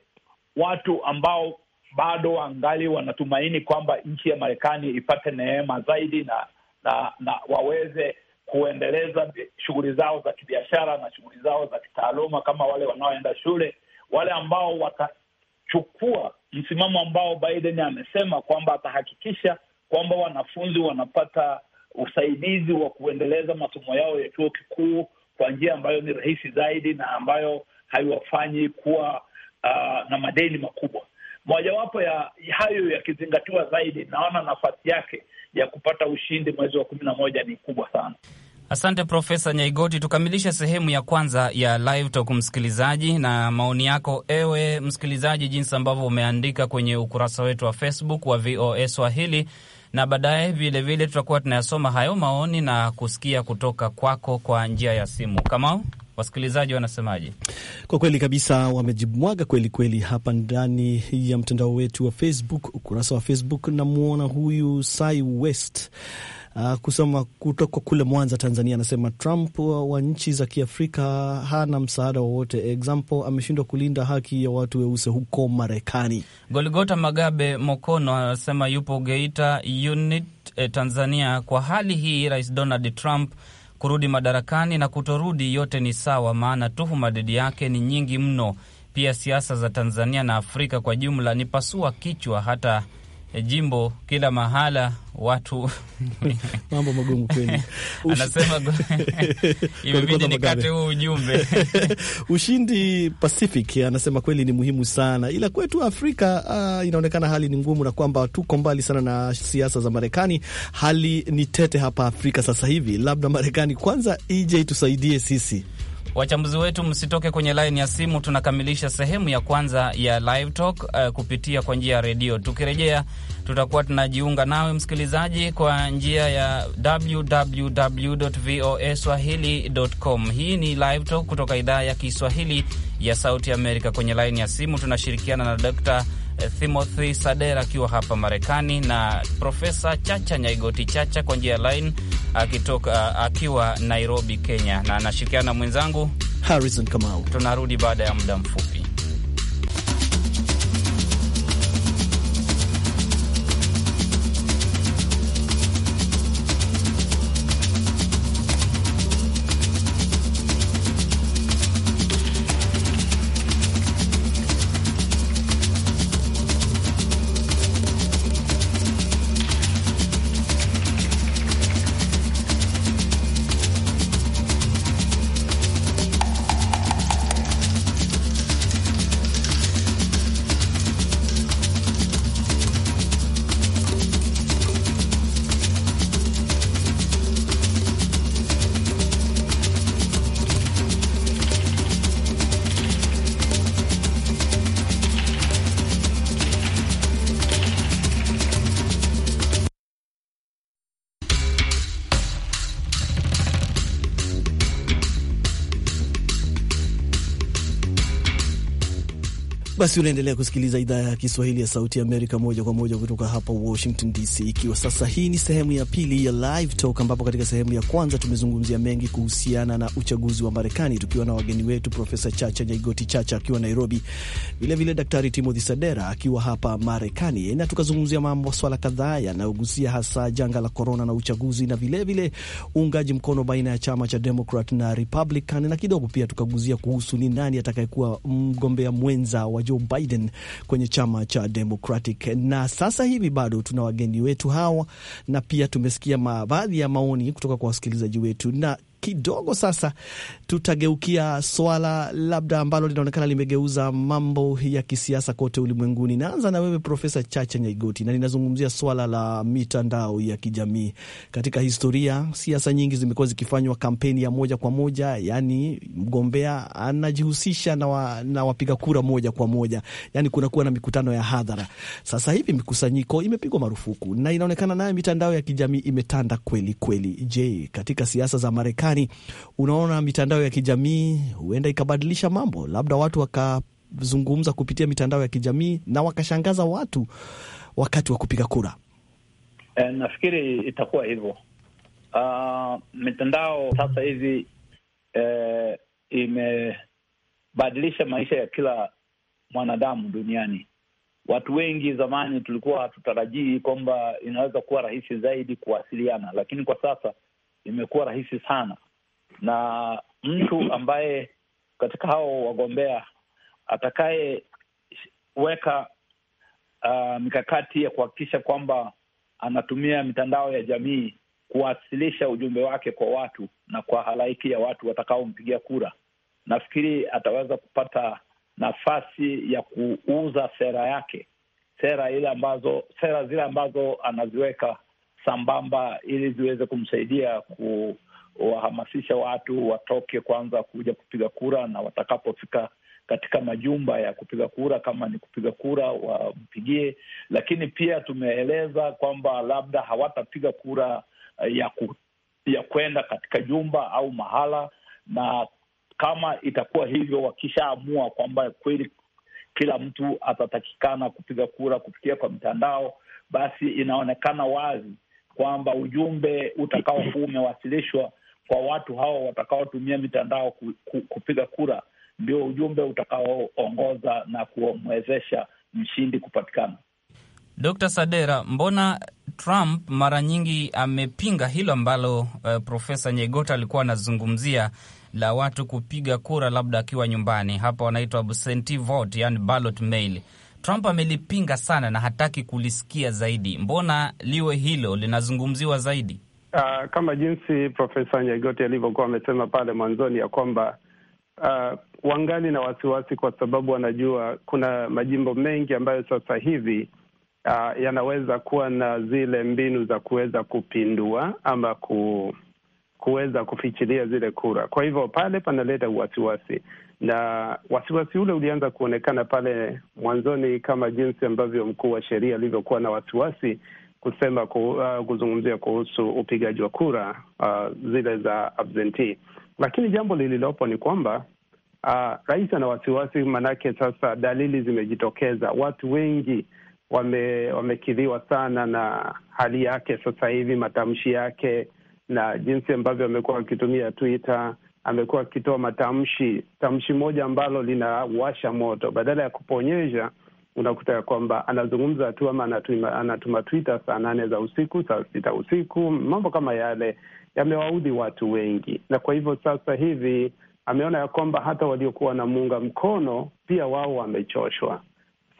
watu ambao bado wangali wanatumaini kwamba nchi ya Marekani ipate neema zaidi na na, na waweze kuendeleza shughuli zao za kibiashara na shughuli zao za kitaaluma, kama wale wanaoenda shule, wale ambao watachukua msimamo ambao Biden amesema kwamba atahakikisha kwamba wanafunzi wanapata usaidizi wa kuendeleza masomo yao ya chuo kikuu kwa njia ambayo ni rahisi zaidi na ambayo haiwafanyi kuwa uh, na madeni makubwa. Mojawapo ya hayo yakizingatiwa zaidi, naona nafasi yake ya kupata ushindi mwezi wa kumi na moja ni kubwa sana. Asante Profesa Nyaigoti, tukamilishe sehemu ya kwanza ya Live Talk msikilizaji, na maoni yako ewe msikilizaji, jinsi ambavyo umeandika kwenye ukurasa wetu wa Facebook wa VOA Swahili na baadaye vilevile tutakuwa tunayasoma hayo maoni na kusikia kutoka kwako kwa njia ya simu. Kamau, wasikilizaji wanasemaje? Kwa kweli kabisa wamejimwaga kweli kweli hapa ndani ya mtandao wetu wa Facebook, ukurasa wa Facebook. Namwona huyu Sai West uh, ah, kusema kutoka kule Mwanza, Tanzania, anasema Trump wa nchi za Kiafrika hana msaada wowote, example ameshindwa kulinda haki ya watu weusi huko Marekani. Goligota Magabe Mokono anasema yupo Geita unit eh, Tanzania. Kwa hali hii Rais Donald Trump kurudi madarakani na kutorudi, yote ni sawa, maana tuhuma dhidi yake ni nyingi mno. Pia siasa za Tanzania na Afrika kwa jumla ni pasua kichwa hata E, jimbo kila mahala watu (laughs) mambo magumu kweli, (laughs) anasema (laughs) imebidi nikate huu ujumbe ushindi Pacific anasema kweli ni muhimu sana, ila kwetu Afrika uh, inaonekana hali ni ngumu na kwamba tuko mbali sana na siasa za Marekani. Hali ni tete hapa Afrika sasa hivi, labda Marekani kwanza ije itusaidie sisi. Wachambuzi wetu msitoke kwenye laini ya simu. Tunakamilisha sehemu ya kwanza ya Live Talk uh, kupitia kwa njia ya redio. Tukirejea tutakuwa tunajiunga nawe msikilizaji kwa njia ya www.voaswahili.com. Hii ni Live Talk kutoka idhaa ya Kiswahili ya Sauti Amerika. Kwenye laini ya simu tunashirikiana na Dr. Timothy sader akiwa hapa Marekani na Profesa Chacha Nyaigoti Chacha kwa njia ya line akitoka akiwa Nairobi, Kenya, na anashirikiana na mwenzangu Harrison Kamau. Tunarudi baada ya muda mfupi. Basi unaendelea kusikiliza idhaa ya Kiswahili ya Sauti ya Amerika moja kwa moja kutoka hapa Washington DC, ikiwa sasa hii ni sehemu ya pili ya Live Talk, ambapo katika sehemu ya kwanza tumezungumzia mengi kuhusiana na uchaguzi wa Marekani tukiwa na wageni wetu Profesa Chacha Nyaigoti Chacha akiwa Nairobi, vilevile Daktari Timothy Sadera akiwa hapa Marekani, na tukazungumzia mambo swala kadhaa yanayogusia hasa janga la korona na uchaguzi na vilevile uungaji mkono baina ya chama cha Democrat na Republican, na kidogo pia tukaguzia kuhusu ni nani atakayekuwa mgombea mwenza wa Joe Biden kwenye chama cha Democratic. Na sasa hivi bado tuna wageni wetu hawa, na pia tumesikia baadhi ya maoni kutoka kwa wasikilizaji wetu, na kidogo sasa tutageukia swala labda ambalo linaonekana limegeuza mambo ya kisiasa kote ulimwenguni. Naanza na wewe Profesa Chacha Nyaigoti, na ninazungumzia swala la mitandao ya kijamii. Katika historia, siasa nyingi zimekuwa zikifanywa kampeni ya moja kwa moja, yani mgombea anajihusisha na, wa, na wapiga kura moja kwa moja, yani kunakuwa na mikutano ya hadhara. Sasa hivi mikusanyiko imepigwa marufuku na inaonekana nayo mitandao ya kijamii imetanda kweli kweli. Je, katika siasa za Marekani Marekani, unaona mitandao ya kijamii huenda ikabadilisha mambo, labda watu wakazungumza kupitia mitandao ya kijamii na wakashangaza watu wakati wa kupiga kura. E, nafikiri itakuwa hivyo. Uh, mitandao sasa hivi eh, imebadilisha maisha ya kila mwanadamu duniani. Watu wengi zamani tulikuwa hatutarajii kwamba inaweza kuwa rahisi zaidi kuwasiliana, lakini kwa sasa imekuwa rahisi sana, na mtu ambaye katika hao wagombea atakayeweka uh, mikakati ya kuhakikisha kwamba anatumia mitandao ya jamii kuwasilisha ujumbe wake kwa watu na kwa halaiki ya watu watakaompigia kura, nafikiri ataweza kupata nafasi ya kuuza sera yake, sera ile ambazo sera zile ambazo anaziweka sambamba, ili ziweze kumsaidia kuwahamasisha watu watoke kwanza kuja kupiga kura, na watakapofika katika majumba ya kupiga kura, kama ni kupiga kura wampigie. Lakini pia tumeeleza kwamba labda hawatapiga kura eh, ya ku, ya kwenda katika jumba au mahala, na kama itakuwa hivyo, wakishaamua kwamba kweli kila mtu atatakikana kupiga kura kupitia kwa mtandao, basi inaonekana wazi kwamba ujumbe utakaokuwa umewasilishwa kwa watu hao watakaotumia mitandao ku, ku, kupiga kura ndio ujumbe utakaoongoza na kumwezesha mshindi kupatikana. Dr. Sadera, mbona Trump mara nyingi amepinga hilo ambalo uh, Profesa Nyegota alikuwa anazungumzia la watu kupiga kura labda akiwa nyumbani, hapa wanaitwa absentee vote, yani ballot mail Trump amelipinga sana na hataki kulisikia zaidi. Mbona liwe hilo linazungumziwa zaidi? Uh, kama jinsi Profesa Nyagoti alivyokuwa amesema pale mwanzoni ya kwamba uh, wangali na wasiwasi kwa sababu wanajua kuna majimbo mengi ambayo sasa hivi uh, yanaweza kuwa na zile mbinu za kuweza kupindua ama ku, kuweza kufichilia zile kura. Kwa hivyo pale panaleta wasiwasi, na wasiwasi ule ulianza kuonekana pale mwanzoni, kama jinsi ambavyo mkuu wa sheria alivyokuwa na wasiwasi kusema ku, uh, kuzungumzia kuhusu upigaji wa kura uh, zile za absentee. Lakini jambo lililopo ni kwamba uh, rais ana wasiwasi, maanake sasa dalili zimejitokeza, watu wengi wame, wamekidhiwa sana na hali yake sasa hivi, matamshi yake na jinsi ambavyo amekuwa akitumia Twitter amekuwa akitoa matamshi, tamshi moja ambalo linawasha moto, badala ya kuponyesha unakuta ya kwamba anazungumza tu ama anatuma, anatuma Twitter saa nane za usiku, saa sita usiku. Mambo kama yale yamewaudhi watu wengi, na kwa hivyo sasa hivi ameona ya kwamba hata waliokuwa wanamuunga mkono pia wao wamechoshwa.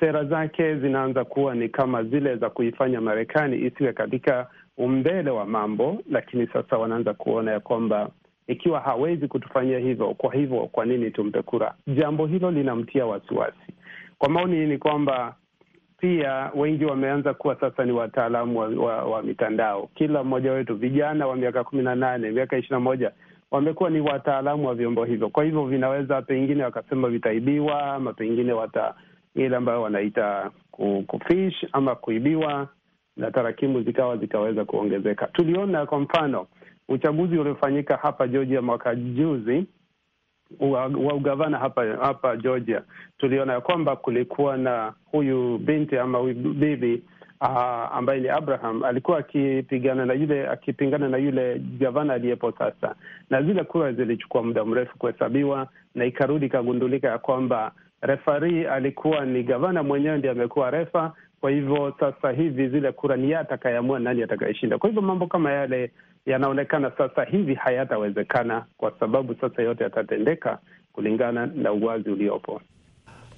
Sera zake zinaanza kuwa ni kama zile za kuifanya Marekani isiwe katika umbele wa mambo, lakini sasa wanaanza kuona ya kwamba ikiwa hawezi kutufanyia hivyo, kwa hivyo kwa nini tumpe kura? Jambo hilo linamtia wasiwasi. Kwa maoni ni kwamba pia wengi wameanza kuwa sasa ni wataalamu wa, wa, wa mitandao. Kila mmoja wetu, vijana wa miaka kumi na nane, miaka ishirini na moja, wamekuwa ni wataalamu wa vyombo hivyo. Kwa hivyo vinaweza pengine wakasema vitaibiwa, ama pengine wata ile ambayo wanaita kufish ama kuibiwa, na tarakimu zikawa zikaweza kuongezeka. Tuliona kwa mfano uchaguzi uliofanyika hapa Georgia mwaka juzi wa, wa ugavana hapa hapa Georgia, tuliona ya kwamba kulikuwa na huyu binti ama bibi uh, ambaye ni Abraham alikuwa akipigana na yule akipingana na yule gavana aliyepo sasa, na zile kura zilichukua muda mrefu kuhesabiwa na ikarudi ikagundulika ya kwamba refari alikuwa ni gavana mwenyewe ndiye amekuwa refa. Kwa hivyo sasa hivi zile kura ni yeye atakayeamua nani atakayeshinda. Kwa hivyo mambo kama yale yanaonekana sasa hivi hayatawezekana, kwa sababu sasa yote yatatendeka kulingana na uwazi uliopo.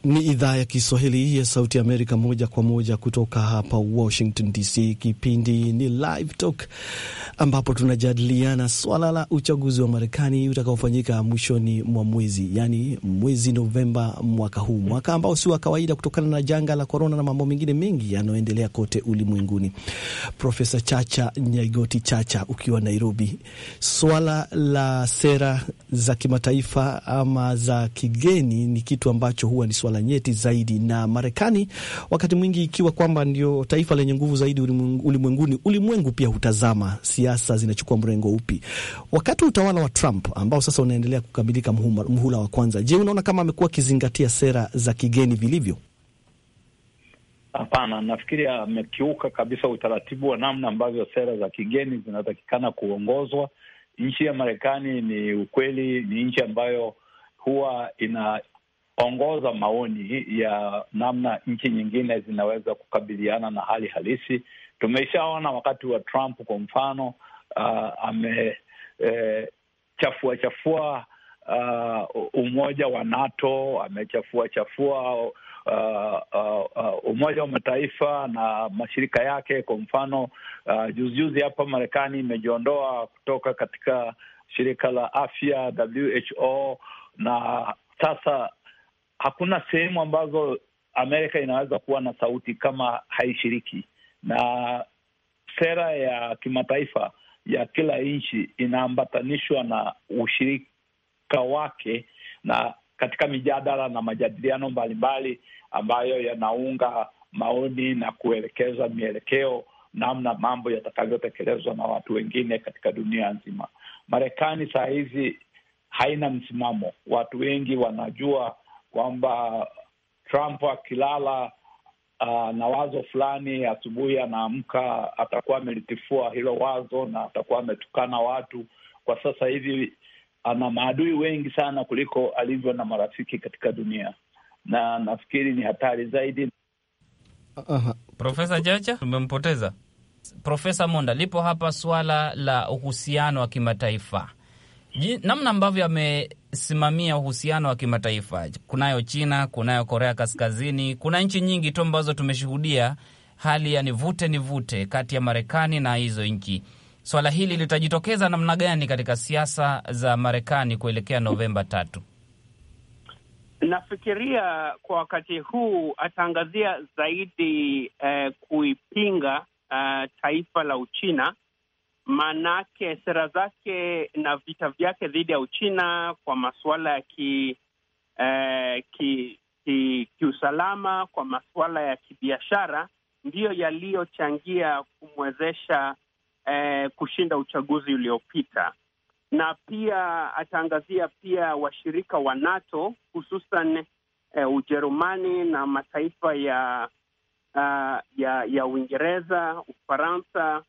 Ni idhaa ya Kiswahili ya Sauti Amerika, moja kwa moja kutoka hapa Washington DC. Kipindi ni Live Talk, ambapo tunajadiliana swala la uchaguzi wa Marekani utakaofanyika mwishoni mwa mwezi, yani mwezi Novemba mwaka huu, mwaka ambao si wa kawaida kutokana na janga la korona na mambo mengine mengi yanayoendelea kote ulimwenguni. Profesa Chacha Nyaigoti Chacha, ukiwa Nairobi, swala la sera za kimataifa ama za kigeni ni kitu ambacho huwa ni swala la nyeti zaidi. Na Marekani wakati mwingi, ikiwa kwamba ndio taifa lenye nguvu zaidi ulimwenguni, ulimwengu pia hutazama siasa zinachukua mrengo upi. Wakati utawala wa Trump ambao sasa unaendelea kukamilika mhula wa kwanza, je, unaona kama amekuwa akizingatia sera za kigeni vilivyo? Hapana, nafikiri amekiuka kabisa utaratibu wa namna ambavyo sera za kigeni zinatakikana kuongozwa. Nchi ya Marekani ni ukweli, ni nchi ambayo huwa ina ongoza maoni ya namna nchi nyingine zinaweza kukabiliana na hali halisi. Tumeshaona wakati wa Trump kwa mfano, uh, amechafua eh, chafua uh, umoja wa NATO, amechafua chafua uh, uh, uh, Umoja wa Mataifa na mashirika yake. Kwa mfano uh, juzijuzi hapa Marekani imejiondoa kutoka katika shirika la afya WHO na sasa hakuna sehemu ambazo Amerika inaweza kuwa na sauti kama haishiriki, na sera ya kimataifa ya kila nchi inaambatanishwa na ushirika wake na katika mijadala na majadiliano mbalimbali ambayo yanaunga maoni na kuelekeza mielekeo namna mambo yatakavyotekelezwa na watu wengine katika dunia nzima. Marekani saa hizi haina msimamo. Watu wengi wanajua kwamba Trump akilala uh, na wazo fulani, asubuhi anaamka atakuwa amelitifua hilo wazo na atakuwa ametukana watu. Kwa sasa hivi ana maadui wengi sana kuliko alivyo na marafiki katika dunia, na nafikiri ni hatari zaidi. Profesa Jaja, tumempoteza Profesa Monda. Lipo hapa suala la uhusiano wa kimataifa, namna ambavyo ame zinasimamia uhusiano wa kimataifa. Kunayo China, kunayo Korea Kaskazini, kuna nchi nyingi tu ambazo tumeshuhudia hali ya nivute nivute kati ya Marekani na hizo nchi. Swala hili litajitokeza namna gani katika siasa za Marekani kuelekea Novemba tatu? Nafikiria kwa wakati huu ataangazia zaidi eh, kuipinga eh, taifa la Uchina maanake sera zake na vita vyake dhidi ya Uchina kwa masuala ya ki, eh, ki, ki, kiusalama kwa masuala ya kibiashara ndiyo yaliyochangia kumwezesha eh, kushinda uchaguzi uliopita, na pia ataangazia pia washirika wa NATO hususan eh, Ujerumani na mataifa ya uh, ya ya Uingereza, Ufaransa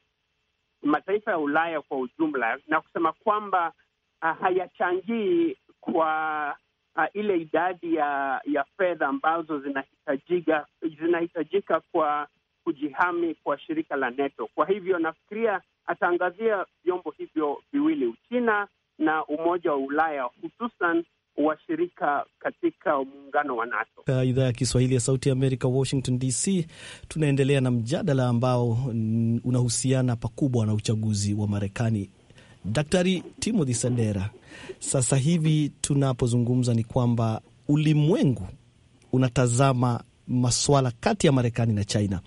mataifa ya Ulaya kwa ujumla na kusema kwamba uh, hayachangii kwa uh, ile idadi ya ya fedha ambazo zinahitajika zinahitajika kwa kujihami kwa shirika la NATO. Kwa hivyo nafikiria ataangazia vyombo hivyo viwili, Uchina na Umoja wa Ulaya, hususan washirika katika muungano wa NATO. Idhaa ya Kiswahili ya Sauti ya Amerika, Washington DC. Tunaendelea na mjadala ambao unahusiana pakubwa na uchaguzi wa Marekani. Daktari Timothy Sadera, sasa hivi tunapozungumza ni kwamba ulimwengu unatazama maswala kati ya Marekani na China.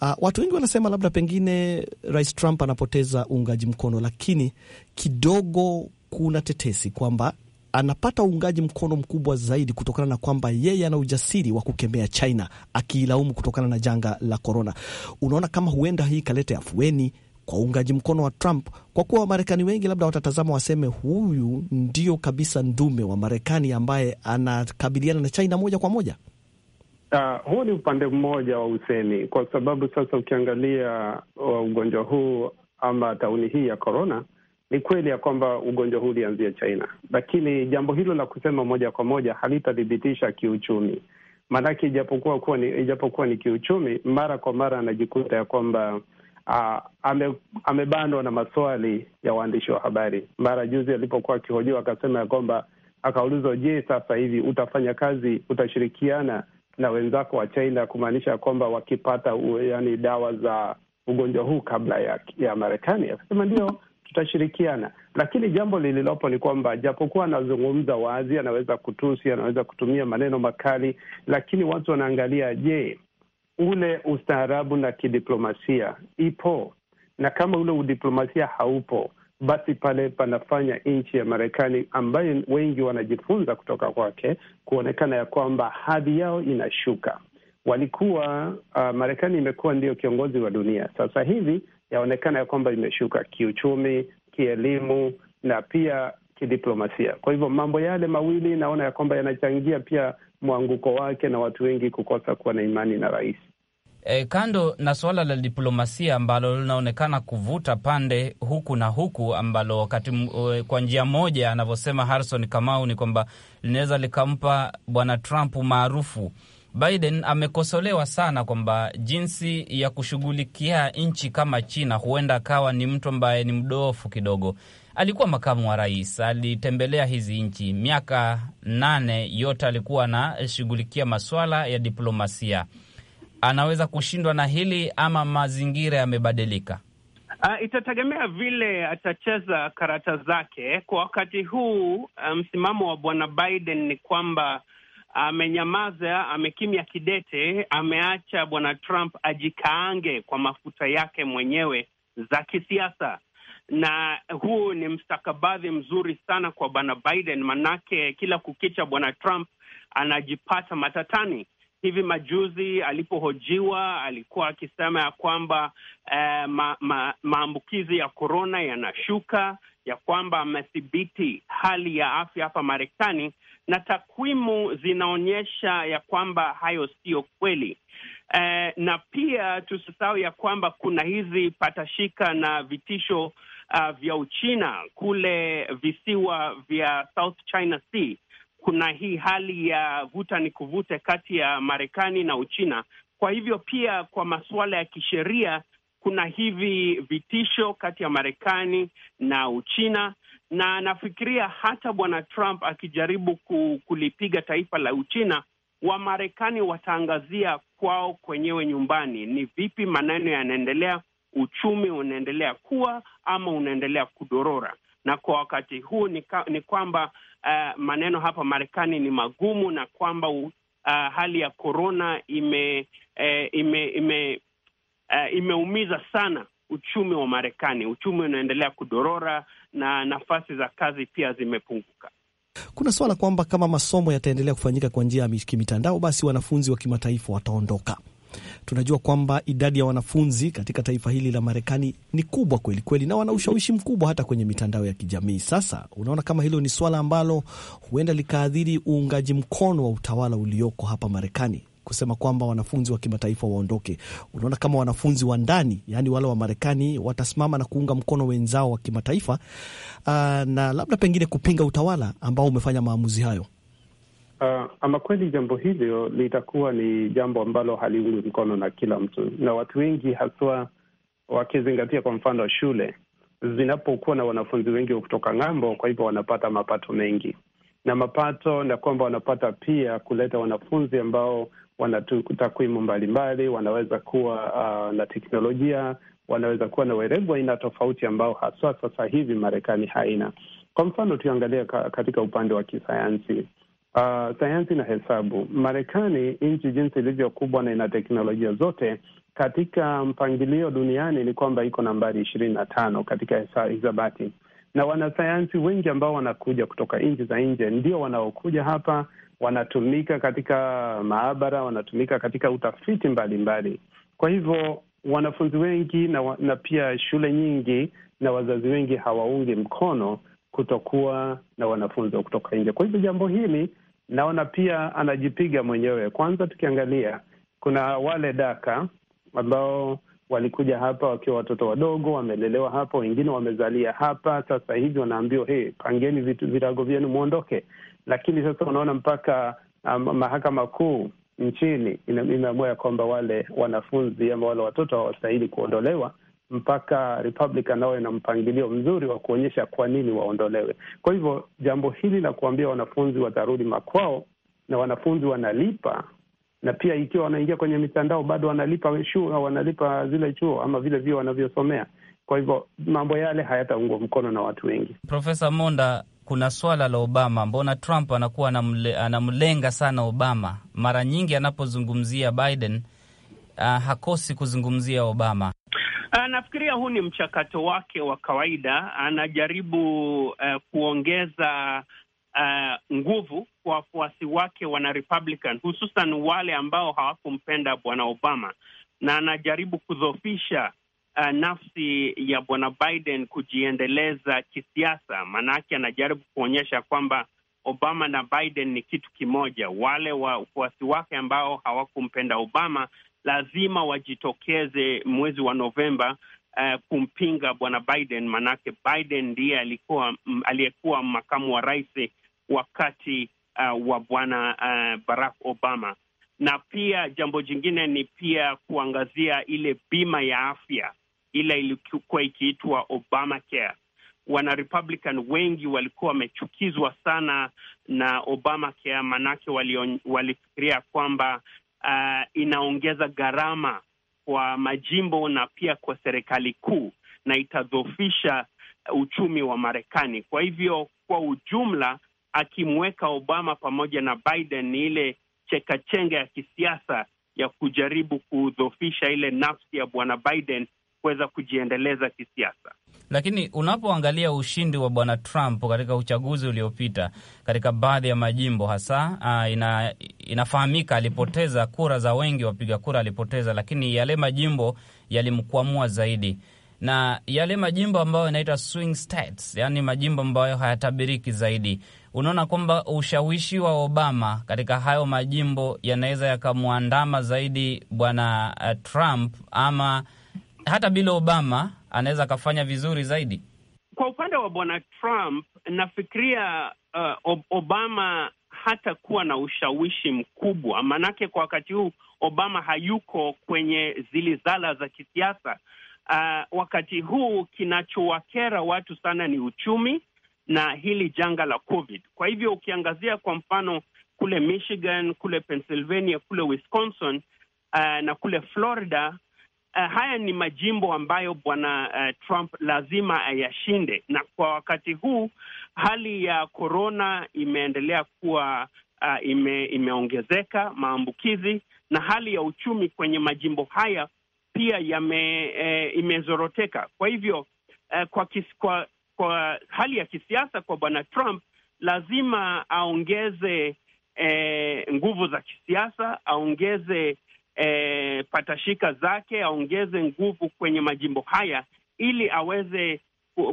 Uh, watu wengi wanasema labda pengine Rais Trump anapoteza uungaji mkono, lakini kidogo kuna tetesi kwamba anapata uungaji mkono mkubwa zaidi kutokana na kwamba yeye ana ujasiri wa kukemea China akiilaumu kutokana na janga la korona. Unaona kama huenda hii ikalete afueni kwa uungaji mkono wa Trump kwa kuwa Wamarekani wengi labda watatazama waseme, huyu ndio kabisa ndume wa Marekani ambaye anakabiliana na China moja kwa moja. Uh, huu ni upande mmoja wa usemi, kwa sababu sasa ukiangalia uh, ugonjwa huu ama tauni hii ya korona ni kweli ya kwamba ugonjwa huu ulianzia China, lakini jambo hilo la kusema moja kwa moja halitathibitisha kiuchumi, maanake ijapokuwa kuwa ni ijapokuwa ni kiuchumi, mara kwa mara anajikuta ya kwamba Uh, ame, amebandwa na maswali ya waandishi wa habari. Mara juzi alipokuwa akihojiwa akasema ya kwamba akaulizwa, je, sasa hivi utafanya kazi, utashirikiana na wenzako wa China kumaanisha ya kwamba wakipata yani dawa za ugonjwa huu kabla ya, ya Marekani? Akasema ndio, tutashirikiana. Lakini jambo lililopo ni kwamba japokuwa anazungumza wazi, anaweza kutusi, anaweza kutumia maneno makali, lakini watu wanaangalia, je, ule ustaarabu na kidiplomasia ipo? Na kama ule udiplomasia haupo, basi pale panafanya nchi ya Marekani ambayo wengi wanajifunza kutoka kwake kuonekana ya kwamba hadhi yao inashuka. Walikuwa uh, Marekani imekuwa ndio kiongozi wa dunia. Sasa hivi yaonekana ya kwamba imeshuka kiuchumi, kielimu na pia kidiplomasia. Kwa hivyo mambo yale mawili naona ya kwamba yanachangia pia mwanguko wake na watu wengi kukosa kuwa na imani na rais. E, kando na suala la diplomasia ambalo linaonekana kuvuta pande huku na huku, ambalo wakati e, kwa njia moja anavyosema Harrison Kamau ni kwamba linaweza likampa bwana Trump maarufu Biden amekosolewa sana kwamba jinsi ya kushughulikia nchi kama China, huenda akawa ni mtu ambaye ni mdoofu kidogo. Alikuwa makamu wa rais, alitembelea hizi nchi miaka nane yote, alikuwa anashughulikia maswala ya diplomasia. Anaweza kushindwa na hili ama mazingira yamebadilika? Uh, itategemea vile atacheza karata zake kwa wakati huu. Ah, msimamo um, wa bwana Biden ni kwamba amenyamaza, amekimya kidete, ameacha bwana Trump ajikaange kwa mafuta yake mwenyewe za kisiasa, na huu ni mstakabadhi mzuri sana kwa bwana Biden, manake kila kukicha bwana Trump anajipata matatani. Hivi majuzi alipohojiwa alikuwa akisema ya kwamba eh, ma, ma, maambukizi ya korona yanashuka, ya kwamba amethibiti hali ya afya hapa Marekani, na takwimu zinaonyesha ya kwamba hayo siyo kweli. Eh, na pia tusisahau ya kwamba kuna hizi patashika na vitisho uh, vya Uchina kule visiwa vya South China Sea. Kuna hii hali ya vuta ni kuvute kati ya Marekani na Uchina. Kwa hivyo pia kwa masuala ya kisheria kuna hivi vitisho kati ya Marekani na Uchina na nafikiria hata bwana Trump akijaribu kulipiga taifa la Uchina, Wamarekani wataangazia kwao kwenyewe nyumbani, ni vipi maneno yanaendelea, uchumi unaendelea kuwa ama unaendelea kudorora. Na kwa wakati huu ni, ka, ni kwamba uh, maneno hapa Marekani ni magumu na kwamba uh, hali ya korona ime, eh, ime, ime, uh, imeumiza sana uchumi wa Marekani. Uchumi unaendelea kudorora na nafasi za kazi pia zimepunguka. Kuna suala kwamba kama masomo yataendelea kufanyika kwa njia ya kimitandao, basi wanafunzi wa kimataifa wataondoka. Tunajua kwamba idadi ya wanafunzi katika taifa hili la Marekani ni kubwa kweli kweli, na wana ushawishi mkubwa hata kwenye mitandao ya kijamii. Sasa unaona kama hilo ni swala ambalo huenda likaathiri uungaji mkono wa utawala ulioko hapa Marekani kusema kwamba wanafunzi wa kimataifa waondoke. Unaona kama wanafunzi wa ndani, yani wale wa Marekani watasimama na kuunga mkono wenzao wa kimataifa uh, na labda pengine kupinga utawala ambao umefanya maamuzi hayo. Uh, ama kweli jambo hilo litakuwa ni jambo ambalo haliungwi mkono na kila mtu na watu wengi, haswa wakizingatia kwa mfano shule zinapokuwa na wanafunzi wengi wa kutoka ng'ambo, kwa hivyo wanapata mapato mengi na mapato na kwamba wanapata pia kuleta wanafunzi ambao wana takwimu mbalimbali, wanaweza kuwa uh, na teknolojia, wanaweza kuwa na uerevu aina tofauti ambao haswa sasa hivi Marekani haina. Kwa mfano tuangalia ka, katika upande wa kisayansi uh, sayansi na hesabu, Marekani nchi jinsi ilivyo kubwa na ina teknolojia zote katika mpangilio duniani ni kwamba iko nambari ishirini na tano katika hisabati, na wanasayansi wengi ambao wanakuja kutoka nchi za nje ndio wanaokuja hapa wanatumika katika maabara, wanatumika katika utafiti mbalimbali mbali. Kwa hivyo wanafunzi wengi na, na pia shule nyingi na wazazi wengi hawaungi mkono kutokuwa na wanafunzi wa kutoka nje. Kwa hivyo jambo hili naona pia anajipiga mwenyewe. Kwanza tukiangalia kuna wale daka ambao walikuja hapa wakiwa watoto wadogo, wamelelewa hapa, wengine wamezalia hapa. Sasa hivi wanaambiwa hey, pangeni vitu virago vyenu mwondoke. Lakini sasa unaona mpaka um, mahakama kuu nchini imeamua ya kwamba wale wanafunzi ama wale watoto hawastahili kuondolewa mpaka Republican nawe na mpangilio mzuri wa kuonyesha kwa nini waondolewe. Kwa hivyo jambo hili la kuambia wanafunzi watarudi makwao na wanafunzi wanalipa na pia ikiwa wanaingia kwenye mitandao bado wanalipa shule au wanalipa zile chuo ama vile vio wanavyosomea. Kwa hivyo mambo yale hayataungwa mkono na watu wengi. Profesa Monda, kuna swala la Obama. Mbona Trump anakuwa anamle, anamlenga sana Obama mara nyingi anapozungumzia Biden? Uh, hakosi kuzungumzia Obama. Ah, nafikiria huu ni mchakato wake wa kawaida, anajaribu uh, kuongeza uh, nguvu kwa wafuasi wake wana Republican, hususan wale ambao hawakumpenda bwana Obama, na anajaribu kudhofisha uh, nafsi ya bwana Biden kujiendeleza kisiasa. Maanake anajaribu kuonyesha kwamba Obama na Biden ni kitu kimoja. Wale wafuasi wake ambao hawakumpenda Obama lazima wajitokeze mwezi wa Novemba uh, kumpinga bwana Biden, maanake Biden ndiye alikuwa aliyekuwa makamu wa rais wakati uh, wa bwana uh, Barack Obama. Na pia jambo jingine ni pia kuangazia ile bima ya afya ile ilikuwa ikiitwa Obamacare. Wana Republican wengi walikuwa wamechukizwa sana na Obamacare, manake walifikiria kwamba uh, inaongeza gharama kwa majimbo na pia kwa serikali kuu na itadhoofisha uchumi wa Marekani. Kwa hivyo, kwa ujumla, akimweka Obama pamoja na Biden ni ile chekachenga ya kisiasa ya kujaribu kudhofisha ile nafsi ya bwana Biden kuweza kujiendeleza kisiasa. Lakini unapoangalia ushindi wa bwana Trump katika uchaguzi uliopita katika baadhi ya majimbo hasa uh, ina, inafahamika alipoteza kura za wengi wapiga kura alipoteza, lakini yale majimbo yalimkwamua zaidi na yale majimbo ambayo yanaitwa swing states, yani majimbo ambayo hayatabiriki zaidi, unaona kwamba ushawishi wa Obama katika hayo majimbo yanaweza yakamwandama zaidi bwana uh, Trump ama hata bila Obama anaweza akafanya vizuri zaidi. Kwa upande wa bwana Trump nafikiria uh, Obama hata kuwa na ushawishi mkubwa, maanake kwa wakati huu Obama hayuko kwenye zilizala za kisiasa uh, wakati huu kinachowakera watu sana ni uchumi na hili janga la COVID. Kwa hivyo ukiangazia kwa mfano kule Michigan, kule Pennsylvania, kule Wisconsin uh, na kule Florida uh, haya ni majimbo ambayo bwana uh, Trump lazima ayashinde, na kwa wakati huu hali ya korona imeendelea kuwa uh, ime, imeongezeka maambukizi na hali ya uchumi kwenye majimbo haya pia yame, e, imezoroteka. Kwa hivyo e, kwa, kis, kwa kwa hali ya kisiasa kwa bwana Trump lazima aongeze e, nguvu za kisiasa, aongeze e, patashika zake, aongeze nguvu kwenye majimbo haya ili aweze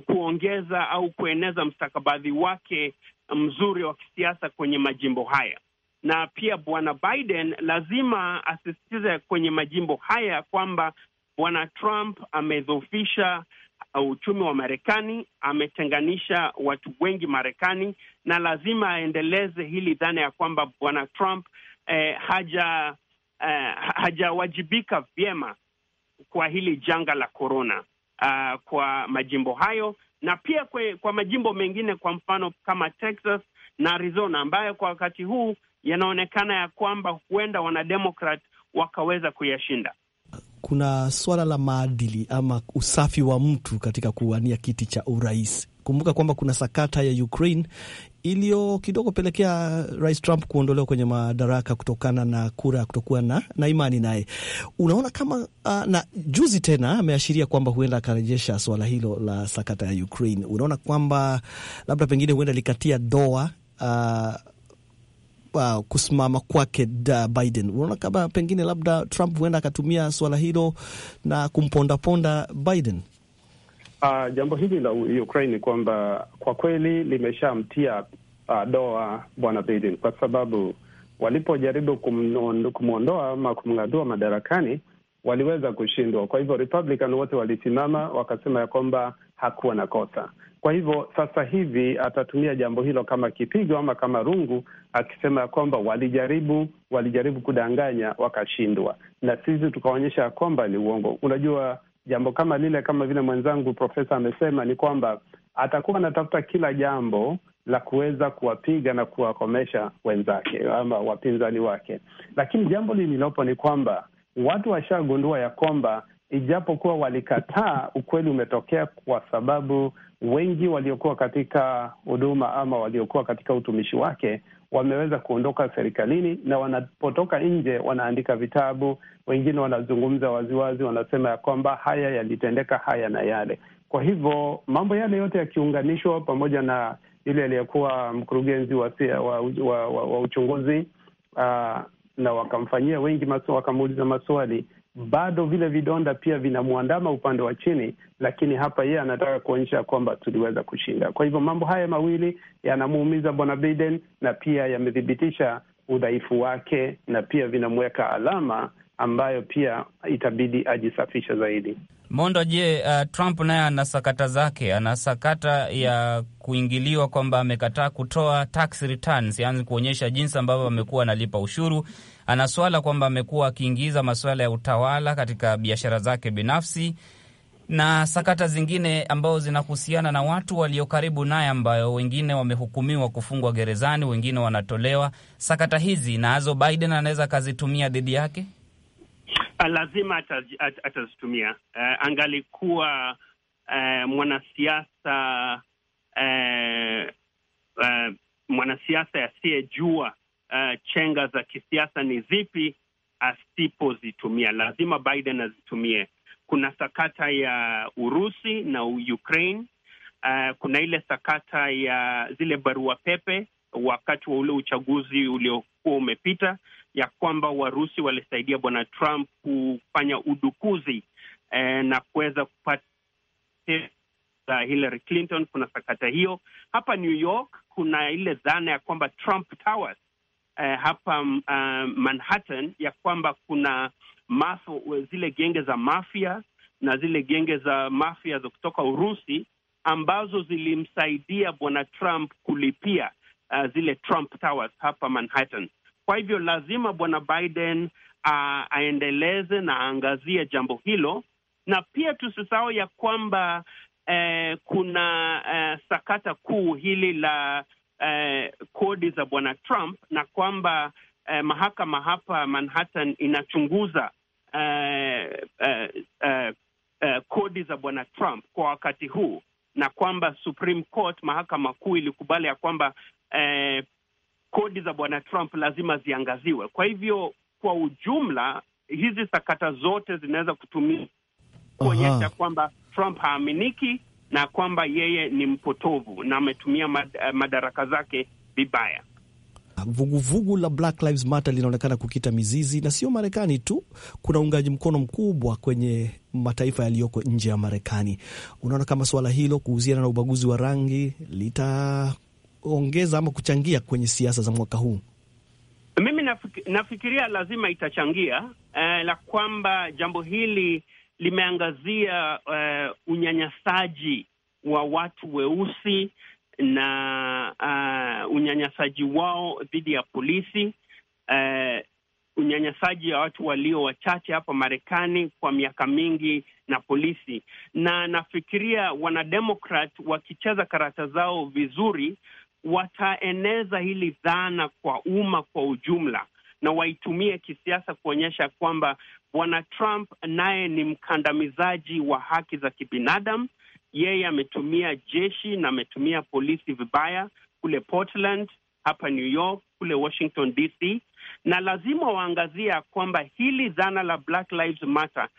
kuongeza au kueneza mstakabadhi wake mzuri wa kisiasa kwenye majimbo haya na pia bwana Biden lazima asisitize kwenye majimbo haya kwamba bwana Trump amedhoofisha uh, uchumi wa Marekani, ametenganisha watu wengi Marekani, na lazima aendeleze hili dhana ya kwamba bwana Trump eh, haja eh, hajawajibika vyema kwa hili janga la korona uh, kwa majimbo hayo na pia kwe, kwa majimbo mengine, kwa mfano kama Texas na Arizona ambayo kwa wakati huu yanaonekana ya kwamba huenda wanademokrat wakaweza kuyashinda. Kuna swala la maadili ama usafi wa mtu katika kuwania kiti cha urais. Kumbuka kwamba kuna sakata ya Ukraine iliyo kidogo pelekea Rais Trump kuondolewa kwenye madaraka kutokana na kura ya kutokuwa na, na imani naye. Unaona kama uh, na juzi tena ameashiria kwamba huenda akarejesha swala hilo la sakata ya Ukraine. Unaona kwamba labda pengine huenda likatia doa uh, uh, kusimama kwake uh, Biden, unaona kama pengine labda Trump huenda akatumia suala hilo na kumpondaponda Biden? Uh, jambo hili la Ukraine ni kwamba kwa kweli limeshamtia uh, doa bwana Biden kwa sababu walipojaribu kumwondoa ama kumng'adua madarakani waliweza kushindwa. Kwa hivyo Republican wote walisimama wakasema ya kwamba hakuwa na kosa, kwa hivyo sasa hivi atatumia jambo hilo kama kipigo ama kama rungu, akisema ya kwamba walijaribu, walijaribu kudanganya wakashindwa, na sisi tukaonyesha ya kwamba ni uongo. Unajua jambo kama lile, kama vile mwenzangu profesa amesema, ni kwamba atakuwa anatafuta kila jambo la kuweza kuwapiga na kuwakomesha wenzake ama wapinzani wake, lakini jambo lililopo ni kwamba watu washagundua ya kwamba ijapokuwa walikataa, ukweli umetokea, kwa sababu wengi waliokuwa katika huduma ama waliokuwa katika utumishi wake wameweza kuondoka serikalini, na wanapotoka nje wanaandika vitabu, wengine wanazungumza waziwazi, wanasema ya kwamba haya yalitendeka, haya na yale. Kwa hivyo mambo yale yote yakiunganishwa pamoja na yule aliyekuwa mkurugenzi wa, wa, wa, wa, wa uchunguzi uh, na wakamfanyia wengi wakamuuliza maswali bado vile vidonda pia vinamwandama upande wa chini, lakini hapa yeye anataka kuonyesha kwamba tuliweza kushinda. Kwa hivyo mambo haya mawili yanamuumiza bwana Biden na pia yamethibitisha udhaifu wake na pia vinamweka alama ambayo pia itabidi ajisafisha zaidi. Mondo, je, uh, Trump naye ana sakata zake, ana sakata ya kuingiliwa kwamba amekataa kutoa tax returns, yaani kuonyesha jinsi ambavyo amekuwa analipa ushuru ana swala kwamba amekuwa akiingiza masuala ya utawala katika biashara zake binafsi na sakata zingine ambazo zinahusiana na watu walio karibu naye, ambayo wengine wamehukumiwa kufungwa gerezani, wengine wanatolewa. Sakata hizi nazo Biden anaweza akazitumia dhidi yake, ah, lazima atazitumia. Uh, angalikuwa uh, mwanasiasa uh, uh, mwanasiasa asiyejua uh, chenga za kisiasa ni zipi asipozitumia lazima Biden azitumie. Kuna sakata ya Urusi na Ukraine. Uh, kuna ile sakata ya zile barua pepe wakati wa ule uchaguzi uliokuwa umepita, ya kwamba Warusi walisaidia bwana Trump kufanya udukuzi eh, na kuweza kupata za Hillary Clinton. Kuna sakata hiyo hapa New York. Kuna ile dhana ya kwamba Trump Towers eh, hapa um, Manhattan ya kwamba kuna mafo, zile genge za mafia na zile genge za mafia za kutoka Urusi ambazo zilimsaidia bwana Trump kulipia uh, zile Trump Towers hapa Manhattan. Kwa hivyo lazima bwana Biden uh, aendeleze na aangazie jambo hilo, na pia tusisahau ya kwamba eh, kuna eh, sakata kuu hili la eh, kodi za bwana Trump na kwamba eh, mahakama hapa Manhattan inachunguza eh, eh, eh, eh, kodi za bwana Trump kwa wakati huu na kwamba Supreme Court, mahakama kuu ilikubali ya kwamba eh, kodi za bwana Trump lazima ziangaziwe. Kwa hivyo kwa ujumla hizi sakata zote zinaweza kutumia kuonyesha kwamba Trump haaminiki na kwamba yeye ni mpotovu na ametumia eh, madaraka zake vibaya. Vuguvugu vugu la Black Lives Matter linaonekana kukita mizizi, na sio Marekani tu, kuna uungaji mkono mkubwa kwenye mataifa yaliyoko nje ya Marekani. Unaona kama suala hilo kuhusiana na ubaguzi wa rangi litaongeza ama kuchangia kwenye siasa za mwaka huu? Mimi nafikiria lazima itachangia eh, la kwamba jambo hili limeangazia uh, unyanyasaji wa watu weusi na uh, unyanyasaji wao dhidi ya polisi uh, unyanyasaji ya watu walio wachache hapa Marekani kwa miaka mingi na polisi, na nafikiria wanademokrat wakicheza karata zao vizuri wataeneza hili dhana kwa umma kwa ujumla, na waitumie kisiasa kuonyesha kwamba bwana Trump naye ni mkandamizaji wa haki za kibinadamu. Yeye ametumia jeshi na ametumia polisi vibaya kule Portland, hapa New York, kule Washington DC, na lazima waangazia kwamba hili dhana la Black Lives Matter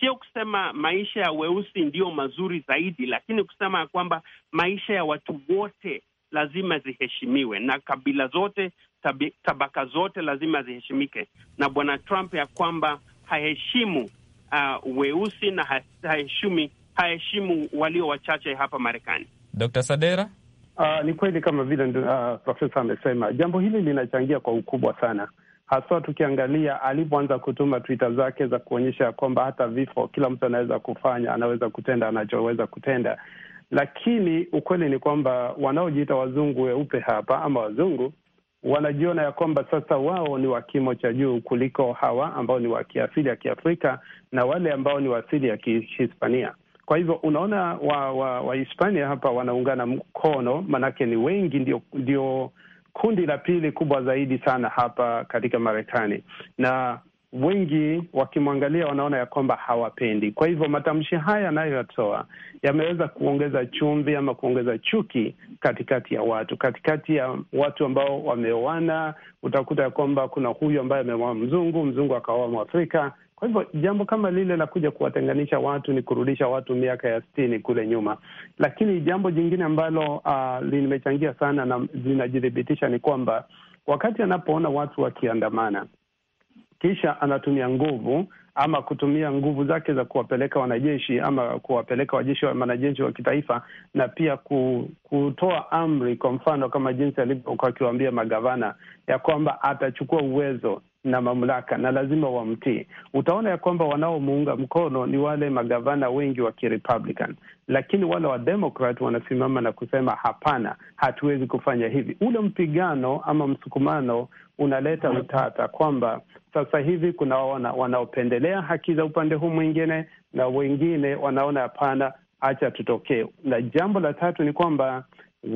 sio kusema maisha ya weusi ndiyo mazuri zaidi, lakini kusema ya kwamba maisha ya watu wote lazima ziheshimiwe na kabila zote tabi, tabaka zote lazima ziheshimike, na bwana Trump ya kwamba haheshimu uh, weusi na haheshimi haheshimu walio wachache hapa Marekani. Dr. Sadera. Uh, ni kweli kama vile uh, profesa amesema, jambo hili linachangia kwa ukubwa sana, haswa tukiangalia alipoanza kutuma Twitter zake za kuonyesha kwamba hata vifo kila mtu anaweza kufanya, anaweza kutenda anachoweza kutenda, lakini ukweli ni kwamba wanaojiita wazungu weupe hapa ama wazungu wanajiona ya kwamba sasa wao ni wa kimo cha juu kuliko hawa ambao ni wa kiasili ya Kiafrika na wale ambao ni wa asili ya Kihispania. Kwa hivyo unaona Wahispania wa, wa hapa wanaungana mkono, maanake ni wengi, ndio, ndio kundi la pili kubwa zaidi sana hapa katika Marekani na wengi wakimwangalia wanaona ya kwamba hawapendi. Kwa hivyo matamshi haya anayoyatoa yameweza kuongeza chumvi ama kuongeza chuki katikati ya watu, katikati ya watu ambao wameoana. Utakuta ya kwamba kuna huyu ambaye ameoa mzungu, mzungu akaoa Mwafrika. Kwa hivyo jambo kama lile la kuja kuwatenganisha watu ni kurudisha watu miaka ya sitini kule nyuma. Lakini jambo jingine ambalo uh, limechangia sana na linajithibitisha ni kwamba wakati anapoona watu wakiandamana kisha anatumia nguvu ama kutumia nguvu zake za kuwapeleka wanajeshi ama kuwapeleka wajeshi wa wanajeshi wa kitaifa, na pia kutoa amri, kwa mfano kama jinsi alivyokuwa akiwaambia magavana ya kwamba atachukua uwezo na mamlaka na lazima wamtii. Utaona ya kwamba wanaomuunga mkono ni wale magavana wengi wa Kirepublican, lakini wale wa wanasimama na kusema hapana, hatuwezi kufanya hivi. Ule mpigano ama msukumano unaleta utata kwamba sasa hivi kuna wana, wanaopendelea haki za upande huu mwingine na wengine wanaona hapana, acha tutokee. Na jambo la tatu ni kwamba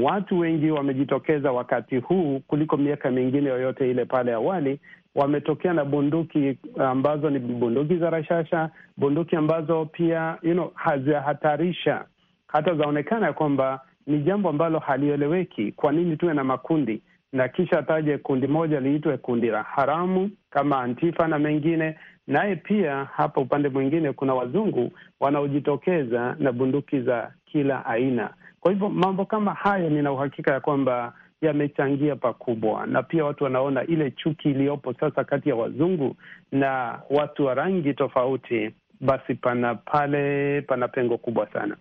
watu wengi wamejitokeza wakati huu kuliko miaka mingine yoyote ile pale awali wametokea na bunduki ambazo ni bunduki za rashasha, bunduki ambazo pia you know, hazihatarisha hata zaonekana ya kwamba ni jambo ambalo halieleweki. Kwa nini tuwe na makundi na kisha ataje kundi moja liitwe kundi la haramu kama Antifa na mengine? Naye pia hapa upande mwingine kuna wazungu wanaojitokeza na bunduki za kila aina. Kwa hivyo mambo kama hayo, nina uhakika ya kwamba yamechangia pakubwa, na pia watu wanaona ile chuki iliyopo sasa kati ya wazungu na watu wa rangi tofauti, basi pana pale pana pengo kubwa sana.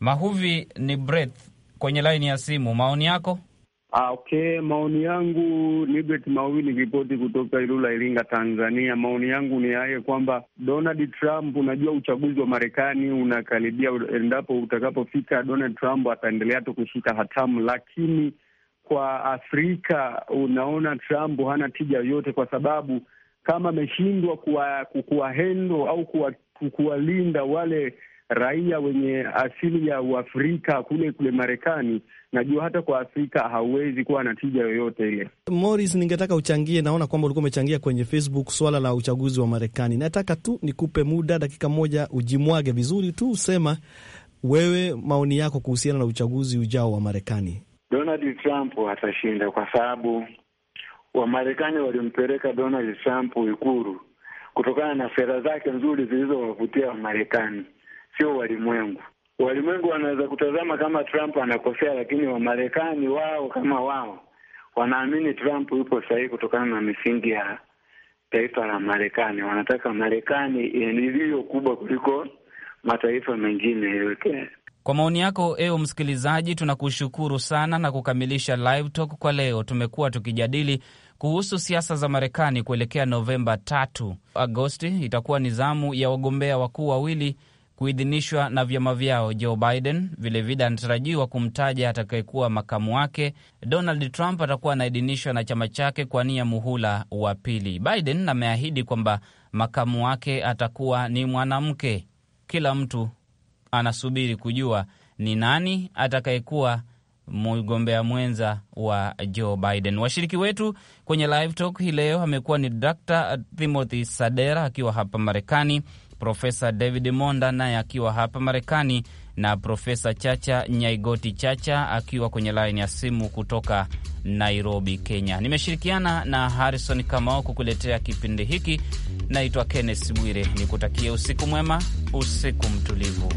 Mahuvi ni Breth kwenye laini ya simu, maoni yako? Ah, okay, maoni yangu Nibet Mawi nikipoti kutoka Ilula, Iringa, Tanzania. Maoni yangu ni haye kwamba Donald Trump, unajua uchaguzi wa Marekani unakaribia, endapo utakapofika Donald Trump ataendelea tu kushika hatamu, lakini kwa Afrika, unaona Trump hana tija yoyote, kwa sababu kama ameshindwa kuwahendo au kuwalinda wale raia wenye asili ya Uafrika kule kule Marekani, najua hata kwa Afrika hauwezi kuwa na tija yoyote ile. Morris, ningetaka uchangie, naona kwamba ulikuwa umechangia kwenye Facebook swala la uchaguzi wa Marekani. Nataka tu nikupe muda dakika moja, ujimwage vizuri tu, usema wewe maoni yako kuhusiana na uchaguzi ujao wa Marekani. Donald Trump atashinda kwa sababu Wamarekani walimpeleka Donald Trump Ikulu kutokana na sera zake nzuri zilizowavutia Wamarekani, sio walimwengu. Walimwengu wanaweza kutazama kama Trump anakosea, lakini Wamarekani wao kama wao wanaamini Trump yupo sahihi kutokana na misingi ya taifa la Marekani. Wanataka Marekani iliyo kubwa kuliko mataifa mengine yote kwa maoni yako eo msikilizaji, tunakushukuru sana na kukamilisha live talk kwa leo. Tumekuwa tukijadili kuhusu siasa za Marekani kuelekea Novemba 3 Agosti itakuwa ni zamu ya wagombea wakuu wawili kuidhinishwa na vyama vyao. Joe Biden vilevile anatarajiwa kumtaja atakayekuwa makamu wake. Donald Trump atakuwa anaidhinishwa na chama chake kwa nia muhula wa pili. Biden ameahidi kwamba makamu wake atakuwa ni mwanamke. Kila mtu anasubiri kujua ni nani atakayekuwa mgombea mwenza wa Joe Biden. Washiriki wetu kwenye live talk hii leo amekuwa ni Dr. Timothy Sadera akiwa hapa Marekani, Profesa David Monda naye akiwa hapa Marekani, na Profesa Chacha Nyaigoti Chacha akiwa kwenye laini ya simu kutoka Nairobi, Kenya. Nimeshirikiana na Harrison Kamao kukuletea kipindi hiki. Naitwa Kenneth Bwire, nikutakie usiku mwema, usiku mtulivu.